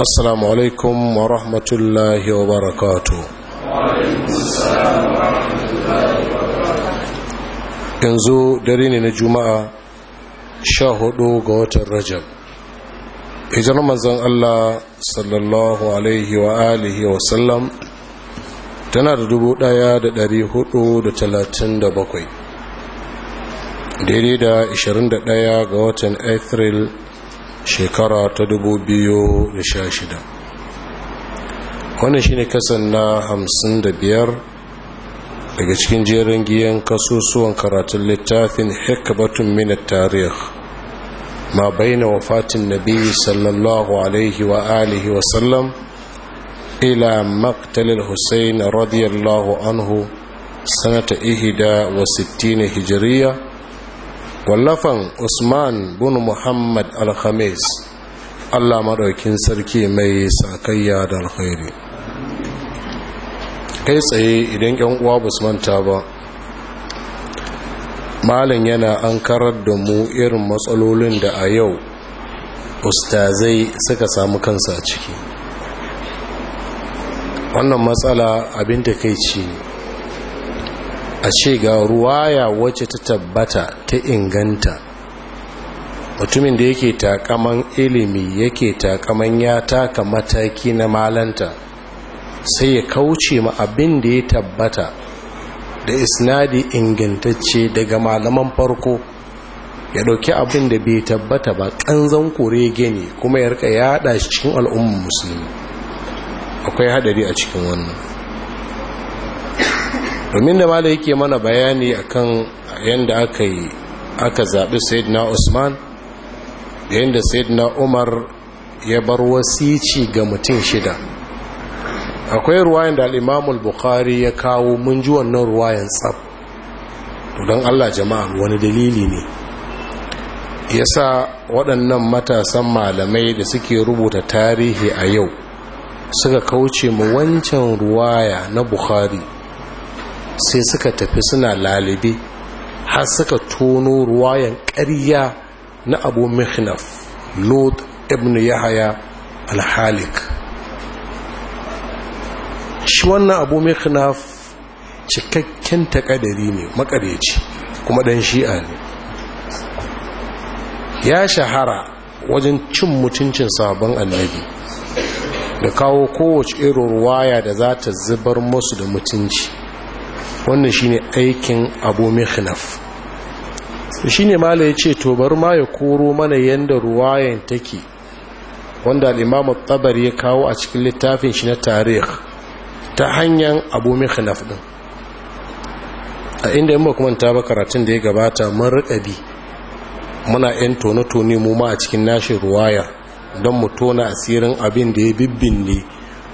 assalamu alaikum wa rahmatullahi wa barakatu yanzu dare ne na juma'a sha hudu ga watan rajab hijar manzan allah sallallahu alaihi tana da dubu daya da dari hudu da talatin da bakwai daidai da ɗaya ga watan Afril. shekara ta shida wannan shine kasan na hamsin da 55 daga cikin jerin giyan kasusuwan karatun littafin batun min tarih ma baina wafatin nabi sallallahu alaihi wa alihi wa sallam ila maqtalil husayn radiyallahu anhu sanata ihida wa 60 hijriya wallafan usman bin muhammad alhamis allah maɗaukin sarki mai sakayya da alkhairi kai tsaye idan yan uwa ba su manta ba malin yana an karar da mu irin matsalolin da a yau ustazai suka samu kansa a ciki wannan matsala abin da kai ce a ce ga ruwaya wacce ta tabbata ta inganta mutumin da yake takaman ilimi yake takaman ya taka mataki na malanta sai ya kauce ma abin da ya tabbata da isnadi ingantacce daga malaman farko ya dauki abin da bai tabbata ba kanzan kore gini kuma ya rika yada cikin al'ummar musulmi akwai hadari a cikin wannan domin da malai yake mana bayani akan yadda aka yi aka zaɓi sayyidina usman da yadda sayyidina umar ya bar wasici ga mutum shida akwai ruwayan da al'imamul bukhari ya kawo mun ji wannan ruwayan tsab don allah jama'a wani dalili ne Ya sa waɗannan matasan malamai da suke rubuta tarihi a yau suka kauce mu wancan ruwaya na bukhari sai suka tafi suna lalibi har suka tono ruwayan ƙarya na abu mihnaf lord ibn yahaya alhalik shi wannan abu mihnaf cikakken takadari ne makareci kuma ɗan shi'a ne ya shahara wajen cin mutuncin sabon annabi da kawo kowace irin ruwaya da za ta zubar musu da mutunci wannan shine aikin abu mikhnaf shine mala ce to bar ma ya koro mana yanda ruwayan take wanda al-imam at-tabari ya kawo a cikin littafin shi na tarih ta hanyar abu mikhnaf din a inda in ba kuma ta ba karatun da ya gabata mun rikabi muna yan tono tone mu ma a cikin nashi ruwaya don mu tona asirin abin da ya ne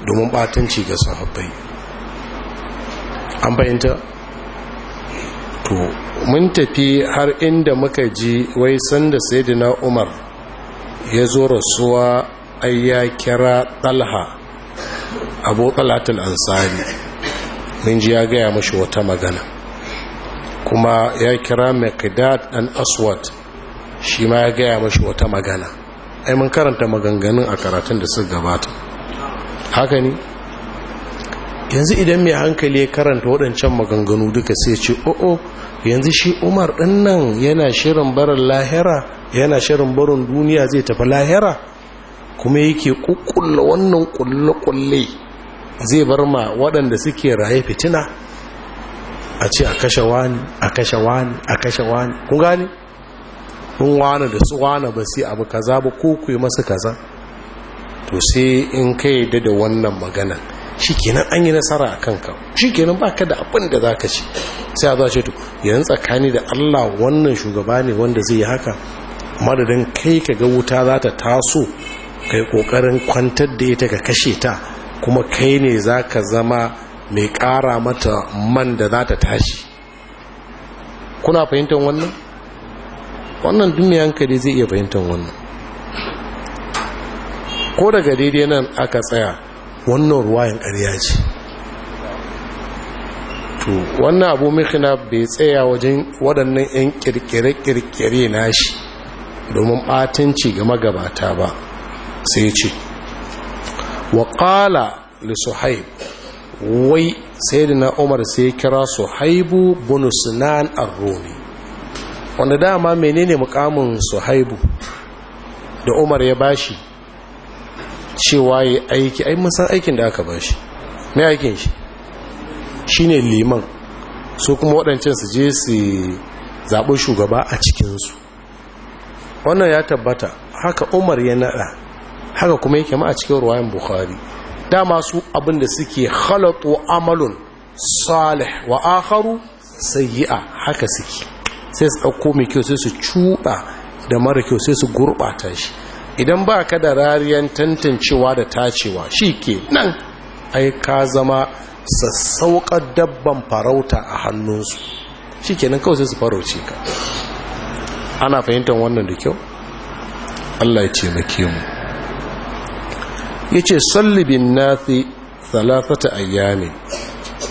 domin batanci ga sahabbai an fahimta to mun tafi har inda muka ji wai sanda sayyidina umar ya zo rasuwa ai ya kira talha abu talatul ansari mun ji ya gaya mashi wata magana kuma ya kira Makdad dan aswad shi ma ya gaya mashi wata magana ai mun karanta maganganun a karatun da suka gabata haka ne yanzu idan mai hankali ya karanta waɗancan maganganu duka sai ce o'o oh, oh, yanzu shi umar ɗin nan yana shirin barin lahira yana shirin barin duniya zai tafi lahira kuma yake kukkulla wannan kulle-kulle zai bar ma waɗanda suke raye fitina a ce a kashe wani a kashe wani a kashe wani kun gani kun wani da su wani ba sai abu kaza ba ko ku yi masa kaza to sai in ka yadda da wannan maganar. shikenan an yi nasara a kanka shikenan ka da abin da za ka ci sai a zuwa ce to yanzu tsakani da Allah wannan shugaba ne wanda zai yi haka madadin kai ka ga wuta za ta taso kai kokarin kwantar da ita ka kashe ta kuma kai ne za ka zama mai kara mata man da za ta tashi kuna fahimtar wannan wannan duniyan hankali zai iya fahimtar wannan ko daga daidai nan aka tsaya wannan ruwayan ƙarya ce to wannan abu mikina bai tsaya wajen waɗannan 'yan ƙirƙire-ƙirƙire shi domin ɓatanci ga magabata ba sai ce Waƙala ƙala li wai sai da na umar sai kira suhaibu bunu sinan arroni wanda dama menene mukamin suhaibu da umar ya bashi cewa ya aiki ai mun san aikin da aka ba shi mai aikin shi shi ne liman su kuma waɗancan su je su zaɓi shugaba a cikinsu wannan ya tabbata haka umar ya naɗa haka kuma yake ma a cikin ruwayan bukhari dama su abinda suke halatu amalun salih wa akharu a haka suke sai su ɗauko mai kyau sai su cuɗa da mara kyau sai su gurɓata shi idan ba ka da rariyan tantancewa da tacewa shi ke nan ai ka zama sassauƙa dabban farauta a hannunsu shi ke nan kawai su farauce ka ana fahimtar wannan da kyau allah ya ce maki mu ya ce sallibin nafi talatata ayyami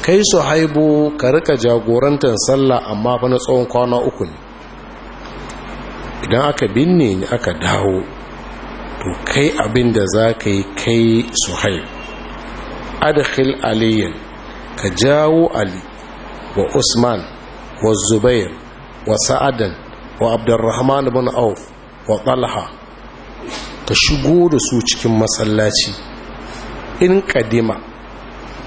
kai su haibu ka rika jagorantar sallah amma fa na tsawon kwana uku ne idan aka binne ni aka dawo wato kai abin da za ka yi kai su suhaib adkhil aliyin ka jawo ali wa usman wa zubair wa sa'adan wa abdurrahman bin auf wa talha ka shigo da su cikin masallaci in kadima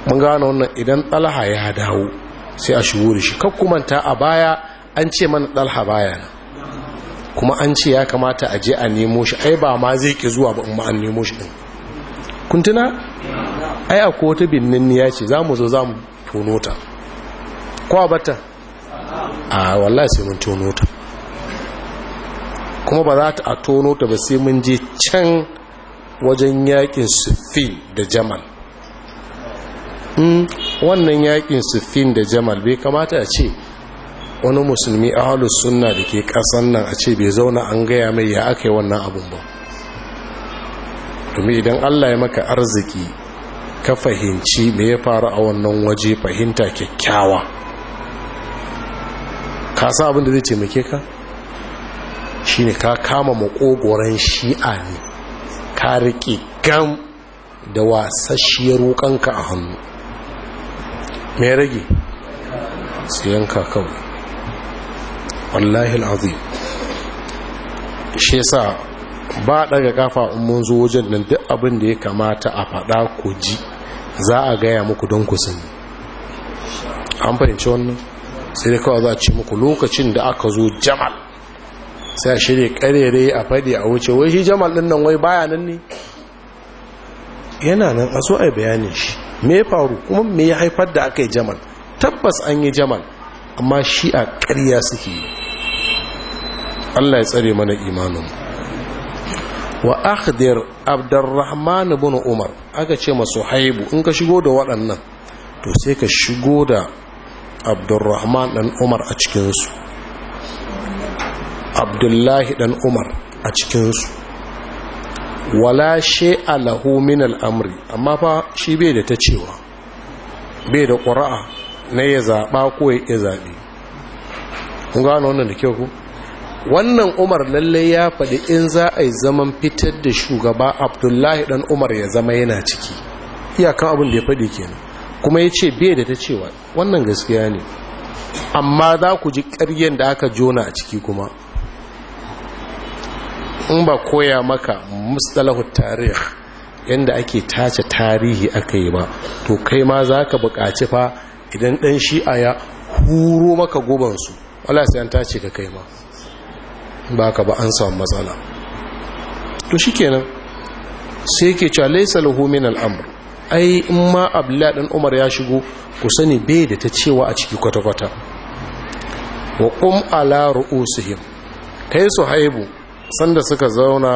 mun gano wannan idan talha ya dawo sai a shigo da shi kakkumanta a baya an ce mana talha baya nan kuma an ce ya kamata a je a nemo shi ai ba ma zai ki zuwa ba in ma an nemo shi din kun tuna ai akwai wata binnin ya ce za mu zo za mu tono ta kwa bata a wallahi sai mun tono ta kuma ba za ta a tono ta ba sai mun je can wajen yakin Sifin da jamal hmm, wannan yakin Sifin da jamal bai kamata a ce wani musulmi ahalus sunna da ke kasan nan a ce bai zauna an gaya mai ya aka yi wannan abin ba domin idan allah ya maka arziki ka fahimci me ya faru a wannan waje fahimta kyakkyawa ka sa abin da zai taimake ka ne ka kama makogoran shi'a ne ka riƙe gam da wasasshiyar wukanka a hannu mai rage siyanka kawai wallahi al'azim shi yasa ba daga kafa in mun zo wajen nan duk abin da ya kamata a faɗa ku ji za a gaya muku don ku sani an fahimci wannan sai dai kawai za a ce muku lokacin da aka zo jamal sai a shirya karere a faɗi a wuce wai shi jamal ɗin nan wai baya nan ne yana nan a so a yi bayanin shi me ya faru kuma me ya haifar da aka yi jamal tabbas an yi jamal amma shi a ƙarya suke yi Allah ya tsare mana imanin wa akhdir abdurrahman ibn umar aka ce masu haibu in ka shigo da waɗannan to sai ka shigo da abdurrahman dan umar a cikinsu abdullahi dan umar a cikinsu wala shay'a lahu min al'amri amma fa shi bai da ta cewa bai da ƙura'a na ya zaɓa ko ya zaɓe kun gano wannan da kyau ku wannan umar lallai ya faɗi in za a yi zaman fitar da shugaba abdullahi ɗan umar ya zama yana ciki iyakan abin da ya faɗi kenan kuma ya ce bai da ta cewa wannan gaskiya ne amma za ku ji ƙaryen da aka jona a ciki kuma in ba koya maka mustalahu tarih yadda ake tace tarihi aka yi ba to kai ma za ka buƙaci fa idan ɗan shi'a ya huro maka gobansu wala sai an tace ka kai ma ba ka ba an samu matsala to shi kenan sai ke cewa laisa lahu min al'amr ai in ma abdullahi dan umar ya shigo ku sani bai da ta cewa a ciki kwata-kwata wa qum ala ru'usihim kai su haibu sanda suka zauna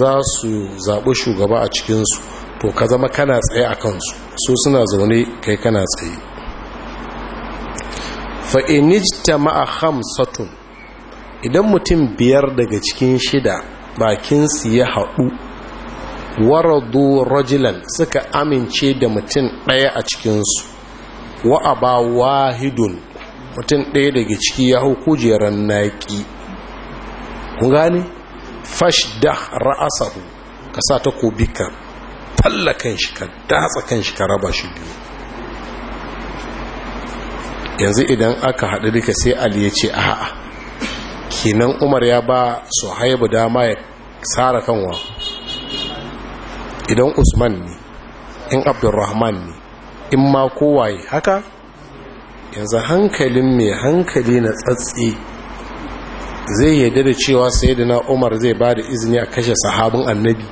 za su zaɓi shugaba a cikinsu to ka zama kana tsaye a kansu su suna zaune kai kana tsaye fa'inij ta ma'a hamsatun idan mutum biyar daga cikin shida bakinsu ya haɗu waradu rajulan suka amince da mutum ɗaya a cikinsu wa aba wahidun mutum ɗaya daga ciki ya hau kujerar naƙi kun gane da ra'asahu ka sa kobi ka talla kan shi ka datsa kan shi ka raba shi biyu yanzu idan aka haɗu duka sai ali ya ce a'a kenan umar ya ba su haibu dama ya tsara kanwa idan usman ne in abdurrahman ne in ma kowaye haka yanzu hankalin mai hankali na tsatsi zai yadda da cewa sai da na umar zai ba da izini a kashe sahabin annabi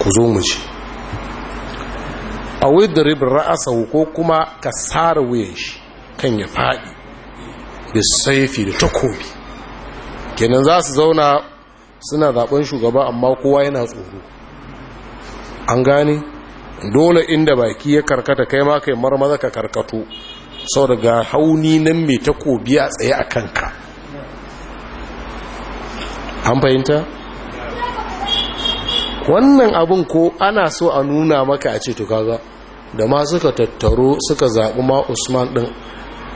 ku zo mu ci a wadda ribin ra'asa ko kuma ka tsara wuyan shi kan ya faɗi bisaifi da takobi kenan za su zauna suna zaben shugaba amma kowa yana tsoro an gane dole inda baki ya karkata kai ma kai marmaza ka karkato sau daga hauni nan mai takobi a tsaye a kanka an fahimta wannan abin ko ana so a nuna maka a ce to da ma suka tattaro suka zaɓi ma usman ɗin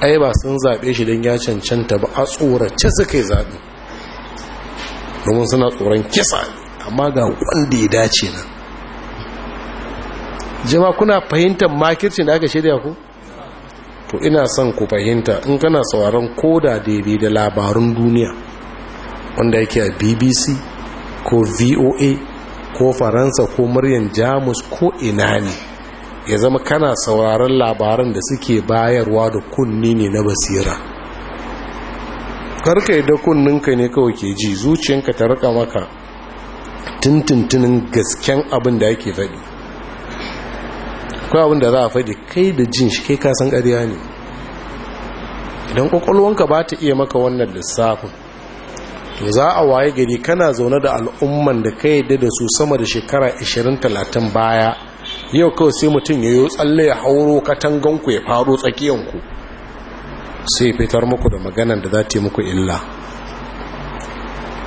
ai ba sun zaɓe shi don ya cancanta ba a tsorace suka yi zaɓe domin suna tsoron kisa amma ga wanda ya dace nan jama kuna fahimtar makircin da aka shirya ku to ina son ku fahimta in kana sauraron koda daidai da labarun duniya wanda yake a bbc ko voa ko faransa ko muryan jamus ko ina ne ya zama kana sauraron labaran da suke bayarwa da kunni ne na basira karka da kunninka ne kawai ke ji zuciyanka ta rika maka tuntuntunin gasken abin da yake faɗi akwai abin da za a faɗi kai da jin shi kai kasan ƙarya ne idan ƙwaƙwalwanka ba ta iya maka wannan lissafin to za a waye gari kana zaune da al'umman da ka yi da su sama da shekara 20-30 baya yau kawai sai mutum ya yi tsalle ya hauro katanganku ya faru tsakiyanku sai fitar muku da maganan da za ta yi muku illa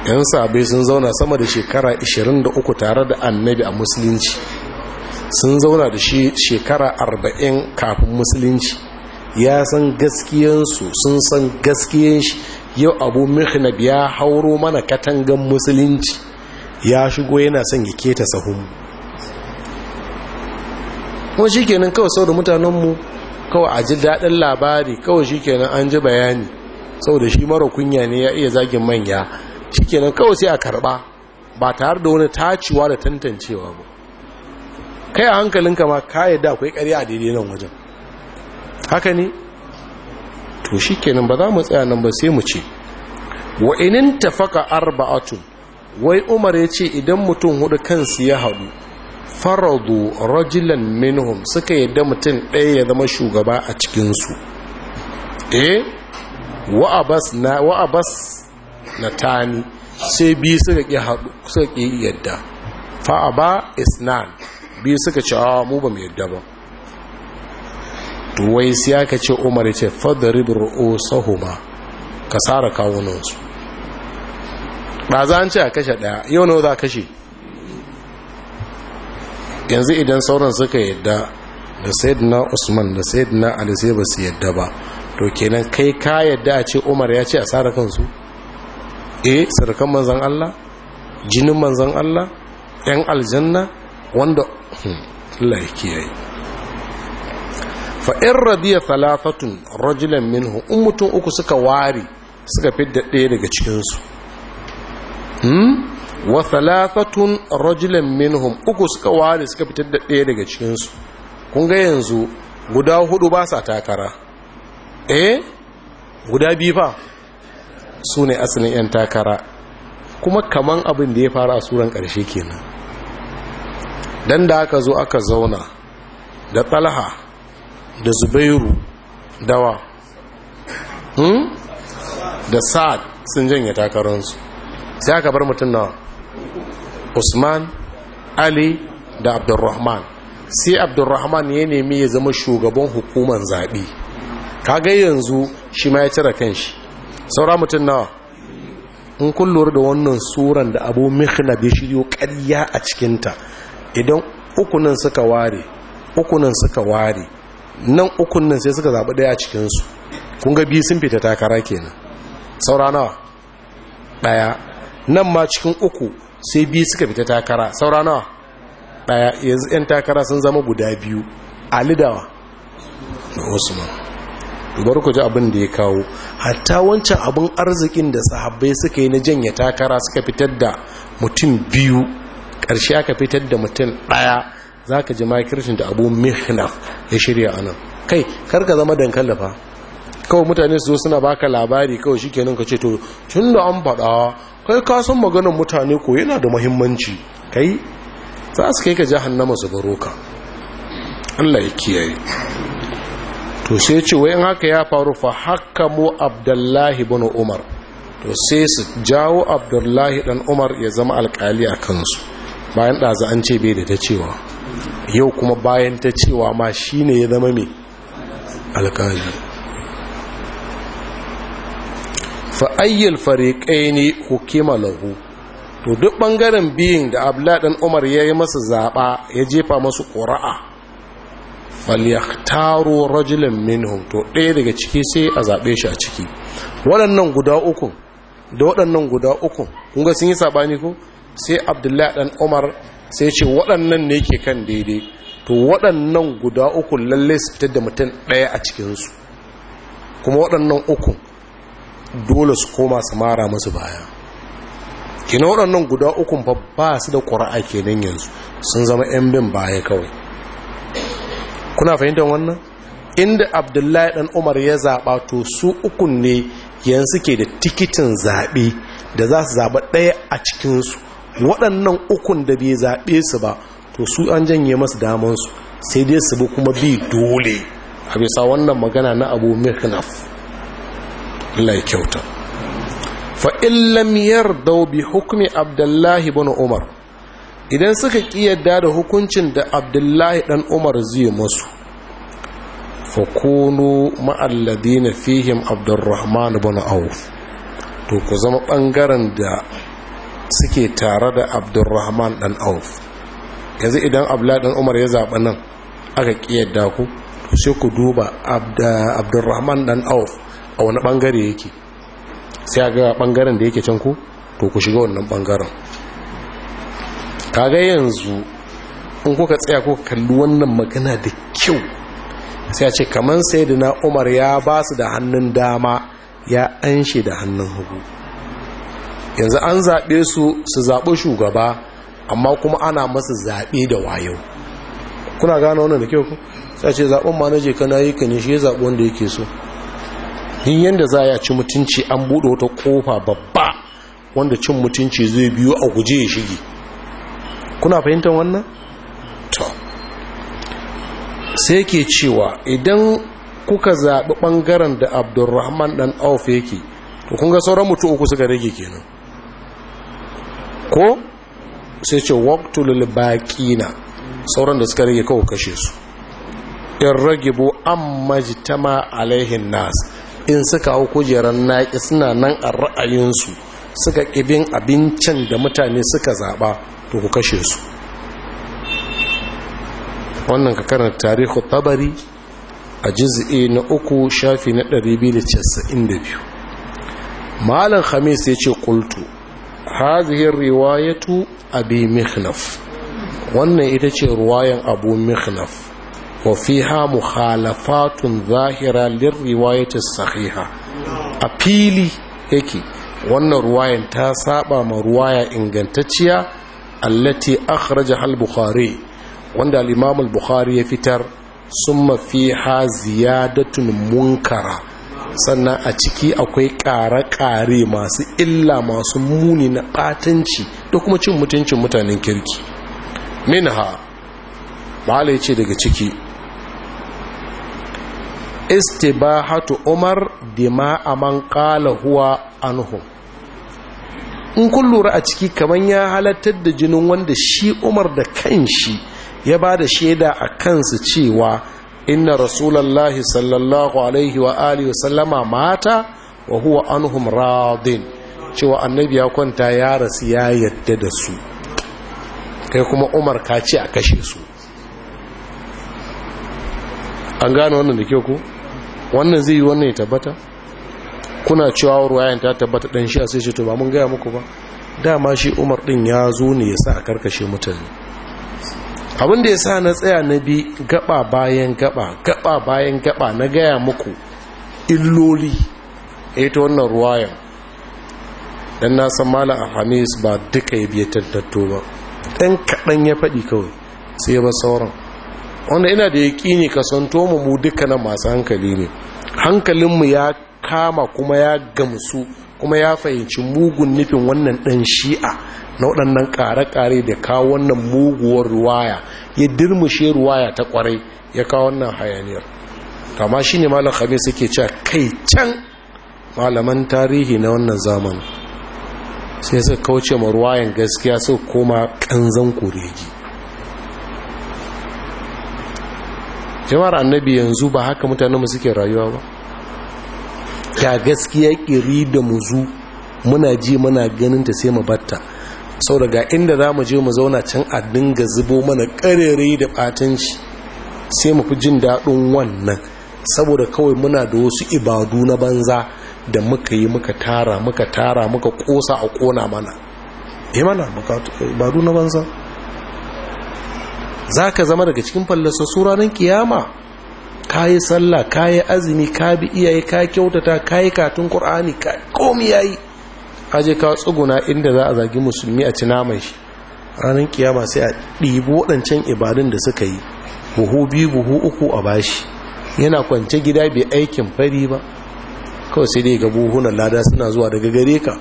yan sabai sun zauna sama da shekara 23 tare da annabi a musulunci sun zauna da shi shekara 40 kafin musulunci ya san gaskiyansu sun san gaskiyanshi yau abu mihnab ya hauro mana katangan musulunci ya shigo yana son ya keta sahunmu kuma shi kenan kawai sau da mutanenmu kawai a ji daɗin labari kawai shi kenan an ji bayani sau da shi mara kunya ne ya iya zagin manya shi kenan kawai sai a karɓa ba tare da wani taciwa da tantancewa ba kai a hankalinka ma ka yi da akwai karya a daidai nan wajen haka ne to shi kenan ba za mu tsaya nan ba sai mu ce wa inin tafaka arba'atun wai umar ya ce idan mutum hudu kansu ya haɗu faradu rajulan minhum suka yadda mutum ɗaya ya zama shugaba a cikinsu eh wa'abas na na tani sai bi suka ƙi haɗu suka yadda fa'aba isnan bi suka ce a mu ba mu yadda ba tuwai sai aka ce umar ya ce fadarib ru'usahuma ka kawunansu ba za ce a kashe ɗaya yau nawa za kashe yanzu idan sauran suka yadda da sayyidina usman da sayyidina ali sai ba su yadda ba to kenan kai ka yadda a ce umar ya ce a tsara kansu eh sarkan manzan allah jinin manzan allah yan aljanna wanda hmm, Allah ya kiyaye fa in radiya thalathatun rajulan minhu in mutum uku suka ware suka fidda ɗaya daga cikin su hmm wa thalathatun rajulan minhum uku suka ware suka fitar da ɗaya daga cikinsu kun ga yanzu guda hudu ba sa takara eh guda biyu ba su ne asalin 'yan takara kuma kaman abin da ya fara a suran ƙarshe kenan dan da aka zo aka zauna da talha da zubairu dawa hmm? da sa'ad sun janye takararsu sai aka bar mutum nawa usman ali da Abdulrahman sai Abdulrahman ya nemi ya zama shugaban hukumar zaɓe ga yanzu shi ma ya cire kanshi saura mutum nawa in kun da wannan tsoron da abu mihna ya shiryo karya a cikinta idan ukunan suka ware ukunan suka ware nan ukunan sai suka zaɓi ɗaya cikinsu kun ga biyu sun fita takara kenan saura nawa ɗaya nan ma cikin uku sai biyu suka fita takara saura nawa Ɗaya. yanzu yan takara sun zama guda biyu alidawa da usman dubar ku ji abin da ya kawo hatta wancan abin arzikin da sahabbai suka yi na janya takara suka fitar da mutum biyu ƙarshe aka fitar da mutum ɗaya za ka ji makirshin da abu mihnaf ya shirya anan kai karka zama dankalin fa kawai mutane su suna baka labari kawai shi kenan ka ce to tun da an faɗawa kai ka san maganar mutane ko yana da muhimmanci kai za su kai ka jahannama su baro ka Allah ya kiyaye to sai ce wayan haka ya faru fa mu abdullahi ibn umar to sai su jawo abdullahi dan umar ya zama alkali a kansu bayan ɗaza an ce bai da ta cewa yau kuma bayan ta cewa ma shine ya zama mai alkali fa ayyul fariqaini hukima lahu to duk ɓangaren biyin da abdullahi dan umar yayi masa zaba ya jefa masu qura'a falyaktaru rajulan minhum to ɗaya daga ciki sai a zaɓe shi a ciki waɗannan guda uku da waɗannan guda uku kun sun yi saɓani ko sai abdullahi dan umar sai ce waɗannan ne ke kan daidai to waɗannan guda uku lalle su fitar da mutum ɗaya a cikinsu kuma waɗannan uku dole su koma su mara masu baya kina waɗannan guda ukun fa ba su da ƙura'a kenan yanzu sun zama 'yan bin baya kawai kuna fahimtar wannan inda abdullahi ɗan umar ya zaɓa to su ukun ne yanzu ke da tikitin zaɓe da za su zaɓa ɗaya a cikinsu waɗannan ukun da bai zaɓe su ba to su an janye masu damansu sai dai su bi kuma bi dole a bisa wannan magana na abu mirnaf Allah kyauta fa illam yardaw bi hukmi Abdullahi ibn Umar idan suka kiyarda da hukuncin da Abdullahi dan Umar zai musu fa kunu ma'alladina fihim Abdurrahman ibn Auf to ku zama bangaren da suke tare da Abdurrahman dan Auf yanzu idan Abdullahi dan Umar ya zaba nan aka kiyarda ku sai ku duba Abdurrahman dan Auf a wani bangare yake sai ga bangaren da yake can ku to ku shiga wannan bangaren kaga yanzu in kuka tsaya kuka kalli wannan magana da kyau sai a ce kaman sai da na umar ya ba su da hannun dama ya anshe da hannun hagu yanzu an zaɓe su su zaɓi shugaba amma kuma ana masa zaɓe da wayo kuna gane wannan da kyau ku sai ce zaɓen ma na kana yi ka shi ya zaɓi wanda yake so din yanda za ya ci mutunci an buɗe wata ƙofa babba wanda cin mutunci zai biyo a guje ya shige kuna fahimtar wannan? to sai ke cewa idan kuka zaɓi ɓangaren da abdurrahman ɗan auf yake to kun ga sauran mutu uku suka rage kenan ko sai ce waktulul baƙina sauran da suka rage kawo kashe su in ragibu an majitama alaihin nas in suka hau kujerar naƙi suna nan a ra'ayinsu suka ƙibin abincin da mutane suka zaɓa to ku kashe su wannan ka karanta tarihu tabari a jiz'i na uku shafi na 292 malam khamis ya ce kultu hazihin riwayatu abi mihnaf? wannan ita ce ruwayan abu mikhnaf wa fiha mukhalafatun zahira lirriwayati sahiha a fili yake wannan ruwayan ta saɓa ma ruwaya ingantaciya. allati akhraja al-bukhari wanda al-imam bukhari ya fitar summa fiha ziyadatun munkara sannan a ciki akwai ƙare-ƙare masu illa masu muni na ɓatanci da kuma cin mutuncin mutanen kirki minha ba ce daga ciki istibahatu umar dima aman kala huwa anhu in kun lura a ciki kamar ya halattar da jinin wanda shi umar da kanshi ya ba da shaida a kansu cewa inna rasulallahi sallallahu alaihi wa alihi sallama mata wa huwa anhum radin cewa annabi ya kwanta ya rasu ya yadda da su kai kuma umar ka ce a kashe su an gane wannan da kyau ko wannan zai yi wannan ya tabbata kuna cewa ruwayan ta tabbata ɗan shi a sai ce to ba mun gaya muku ba dama shi umar ɗin ya zo ne ya sa a karkashe mutane abin da ya sa na tsaya na bi gaba bayan gaba gaba bayan gaba na gaya muku illoli eh, ta wannan ruwayan dan na san mala alhamis ba duka ya biya tattattu ba ɗan kaɗan ya faɗi kawai sai ya ba sauran wanda ina da yaƙini kasanto mu mu dukkanin masu hankali ne hankalinmu ya kama kuma ya gamsu kuma ya fahimci mugun nufin wannan ɗan shi'a na waɗannan ƙare-ƙare da kawo wannan muguwar ruwaya ya dirmushe ruwaya ta ƙwarai ya kawo wannan hayaniyar kama shi ne malam khamis suke cewa kai can malaman tarihi na wannan zamani sai suka kauce ma ruwayan gaskiya suka koma ƙanzan kuregi jama'ar annabi yanzu ba haka mutanenmu suke rayuwa ba Ya gaskiya ƙiri da muzu muna ji muna ganin ta sai mu batta sau daga inda za mu je mu zauna can a dinga zubo mana ƙarere da ɓatanci sai mu fi jin daɗin wannan saboda kawai muna da wasu ibadu na banza da muka yi muka tara muka tara muka kosa a kona mana eh mana ibadu na banza za ka zama daga cikin fallasa ranar kiyama ka yi sallah ka yi azumi ka bi iyaye ka kyautata ka yi katun ƙur'ani ka komi ya yi aje ka tsuguna inda za a zagi musulmi a cinaman shi ranar kiyama sai a ɗibi waɗancan ibadun da suka yi buhu biyu buhu uku a bashi yana kwance gida bai aikin fari ba kawai sai dai ga buhunan lada suna zuwa daga gare ka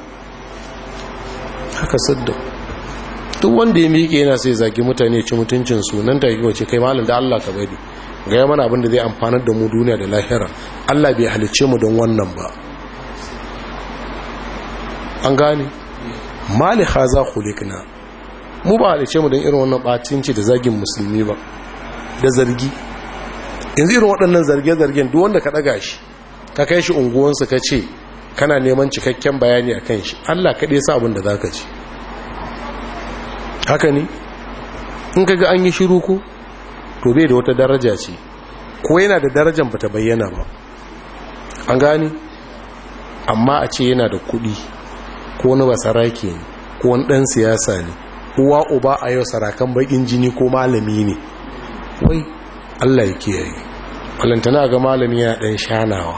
haka sadda duk wanda ya miƙe yana sai zagi mutane ci mutuncin su nan take wace kai malin da Allah ka bari ga mana abin da zai amfanar da mu duniya da lahira Allah bai halicce mu don wannan ba an gane mali haza khuliqna mu ba halicce mu don irin wannan bacinci da zagin musulmi ba da zargi yanzu irin waɗannan zarge-zargen duk wanda ka ɗaga shi ka kai shi unguwansu ka ce kana neman cikakken bayani a kan shi Allah kaɗai sa abin da za ka ci haka ne in kaga an yi shiru ko to bai da wata daraja ce ko yana da darajan bata bayyana ba an gani. amma a ce yana da kuɗi ko wani basarake ne ko wani ɗan siyasa ne uwa uba a yau sarakan bakin jini ko malami ne wai allah ya kiyaye kwallantana ga malami yana ɗan shanawa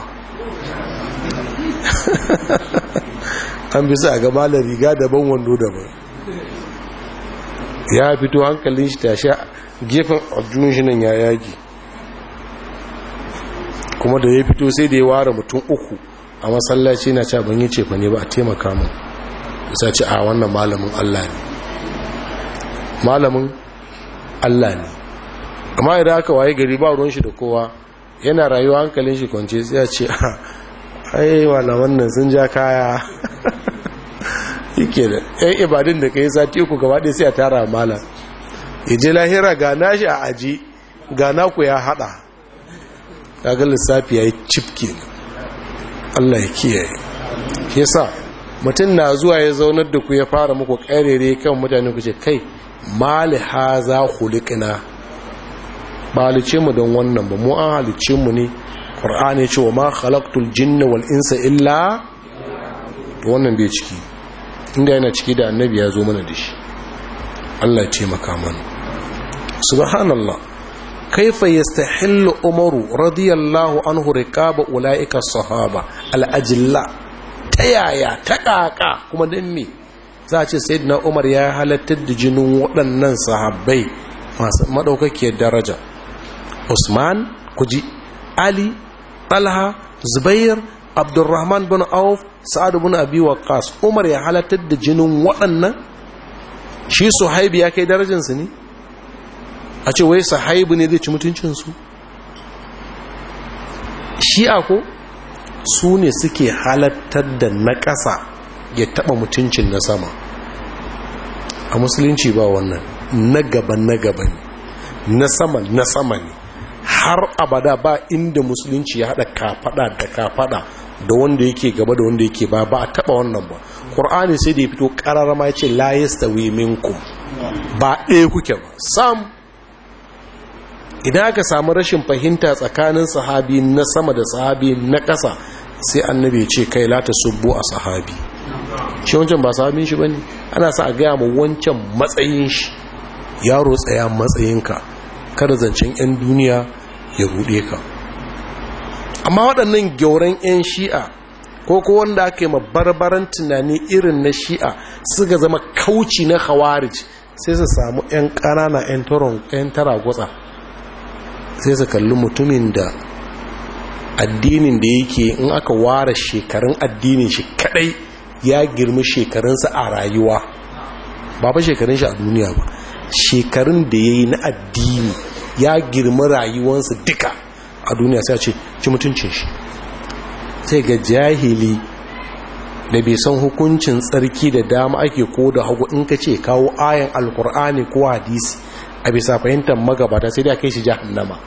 an bisa a ga malami riga daban wando daban ya fito hankalin shi tashi gefen abdun shi ya yaki kuma da ya fito sai da ya ware mutum uku a masallaci na ce ban yi cefa ne ba a taimaka mu isa ce a wannan malamin Allah ne malamin Allah ne amma idan aka waye gari ba ruwan shi da kowa yana rayuwa hankalin shi kwance sai a ce ai na wannan sun ja kaya yake da ɗan ibadin da ka yi sati uku gaba ɗaya sai a tara mala iji lahira ga nashi a aji ga naku ya haɗa kaga lissafi ya yi cipki Allah ya kiyaye sa mutum na zuwa ya zaunar da ku ya fara muku ƙarere kan mutane ku ce kai mali ha za hulikina ba halice mu don wannan ba mu an halice mu ne ƙur'ani ce wa ma halaktul jinna wal insa illa wannan bai ciki inda yana ciki da annabi ya zo mana da shi Allah ce makaman subhanallah kaifa yastahillu umaru radiyallahu anhu riqaba ulaika sahaba al'ajilla ta yaya ta kaka kuma dan me za a ce sayyidina umar ya halattar da jinin waɗannan sahabbai masu madaukakiyar daraja usman kuji ali talha zubair abdurrahman bin auf sa'ad bin abi waqqas umar ya halatar da jinin waɗannan shi suhaibu ya kai darajarsu ne a ce wai suhaibu ne zai ci mutuncinsu Shi Ako su ne suke halattar da na ƙasa ya taɓa mutuncin na sama a musulunci ba wannan na gaba na gaba ne na sama na sama ne har abada ba inda musulunci ya haɗa kafaɗa da kafaɗa da wanda yake gaba da wanda yake ba ba a taba wannan ba qur'ani sai da ya fito karara ma yace la yastawi minkum ba ɗaya kuke ba sam idan aka samu rashin fahimta tsakanin sahabi na sama da sahabi na ƙasa sai annabi ya ce kai lata subbu a sahabi shi wancan ba sahabin shi bane ana sa a gaya ma wancan matsayin shi yaro tsaya matsayinka kada zancen 'yan duniya ya bude ka amma waɗannan gyauran 'yan shi'a ko ko wanda aka yi mabarbaran tunani irin na shi'a suka zama kauci na khawarij sai su samu 'yan ƙanana 'yan tara gwatsa sai su kalli mutumin da addinin da yake in aka ware shekarun addinin shi kadai ya girma shekarunsa a rayuwa ba ba shekarun shi a duniya ba shekarun da ya yi na addini ya girma rayuwansa duka a duniya sai ce ci mutuncin shi sai ga jahili da bai san hukuncin tsarki da dama ake ko da hagu in ka ce kawo ayan alkur'ani ko hadisi a bisa fahimtar magabata sai da kai shi jahannama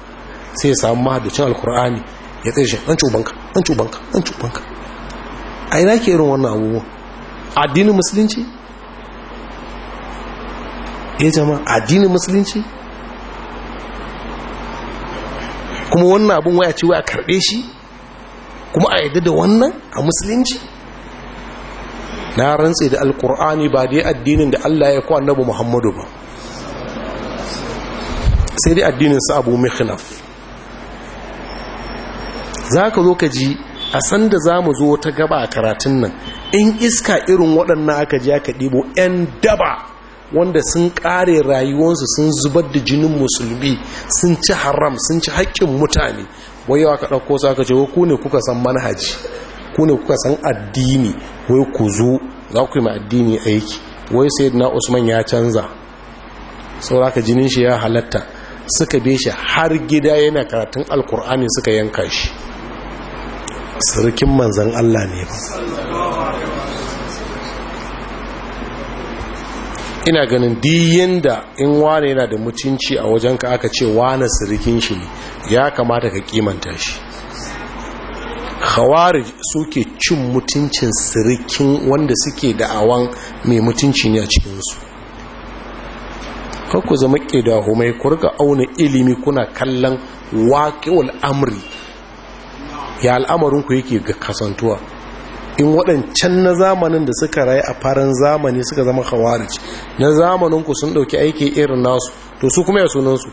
sai ya samu mahadacin alkur'ani ya tsaye shi an cubanka an cubanka an cubanka a ina ke irin wannan abubuwa addinin musulunci ya eh, jama addinin musulunci kuma wannan abin waya ce waya karɓe shi kuma a yadda da wannan a musulunci na rantse da alkur'ani ba dai addinin da Allah ya kwa annabu Muhammadu ba sai dai addinin su Abu Za ka zo ka ji a sanda za mu zo ta gaba a karatun nan in iska irin waɗannan aka ji aka ɗibo 'yan daba wanda sun kare rayuwarsu sun zubar da jinin musulmi sun ci haram sun ci haƙƙin mutane wai yawa ka ɗauko sa ce ku ne kuka san manhaji ku ne kuka san addini wai ku zo za ku yi ma addini aiki wai sai na usman ya canza sauraka jinin shi ya halatta suka be shi har gida yana karatun alkur'ani suka yanka shi sarkin manzan Allah ne ba ina ganin diyin da in wane yana da mutunci a wajen ka aka ce wane sirikin shi ne ya kamata ka kimanta shi Hawari suke cin mutuncin sirikin wanda suke da awon mai mutunci ne a cikinsu ku zama da homai ku rika auna ilimi kuna kallon waƙewar amri ya al'amarinku yake ga kasantuwa in waɗancan na zamanin da suka rayu a farin zamani suka zama khawarij na zamanin ku sun ɗauki aiki irin nasu to su kuma ya sunansu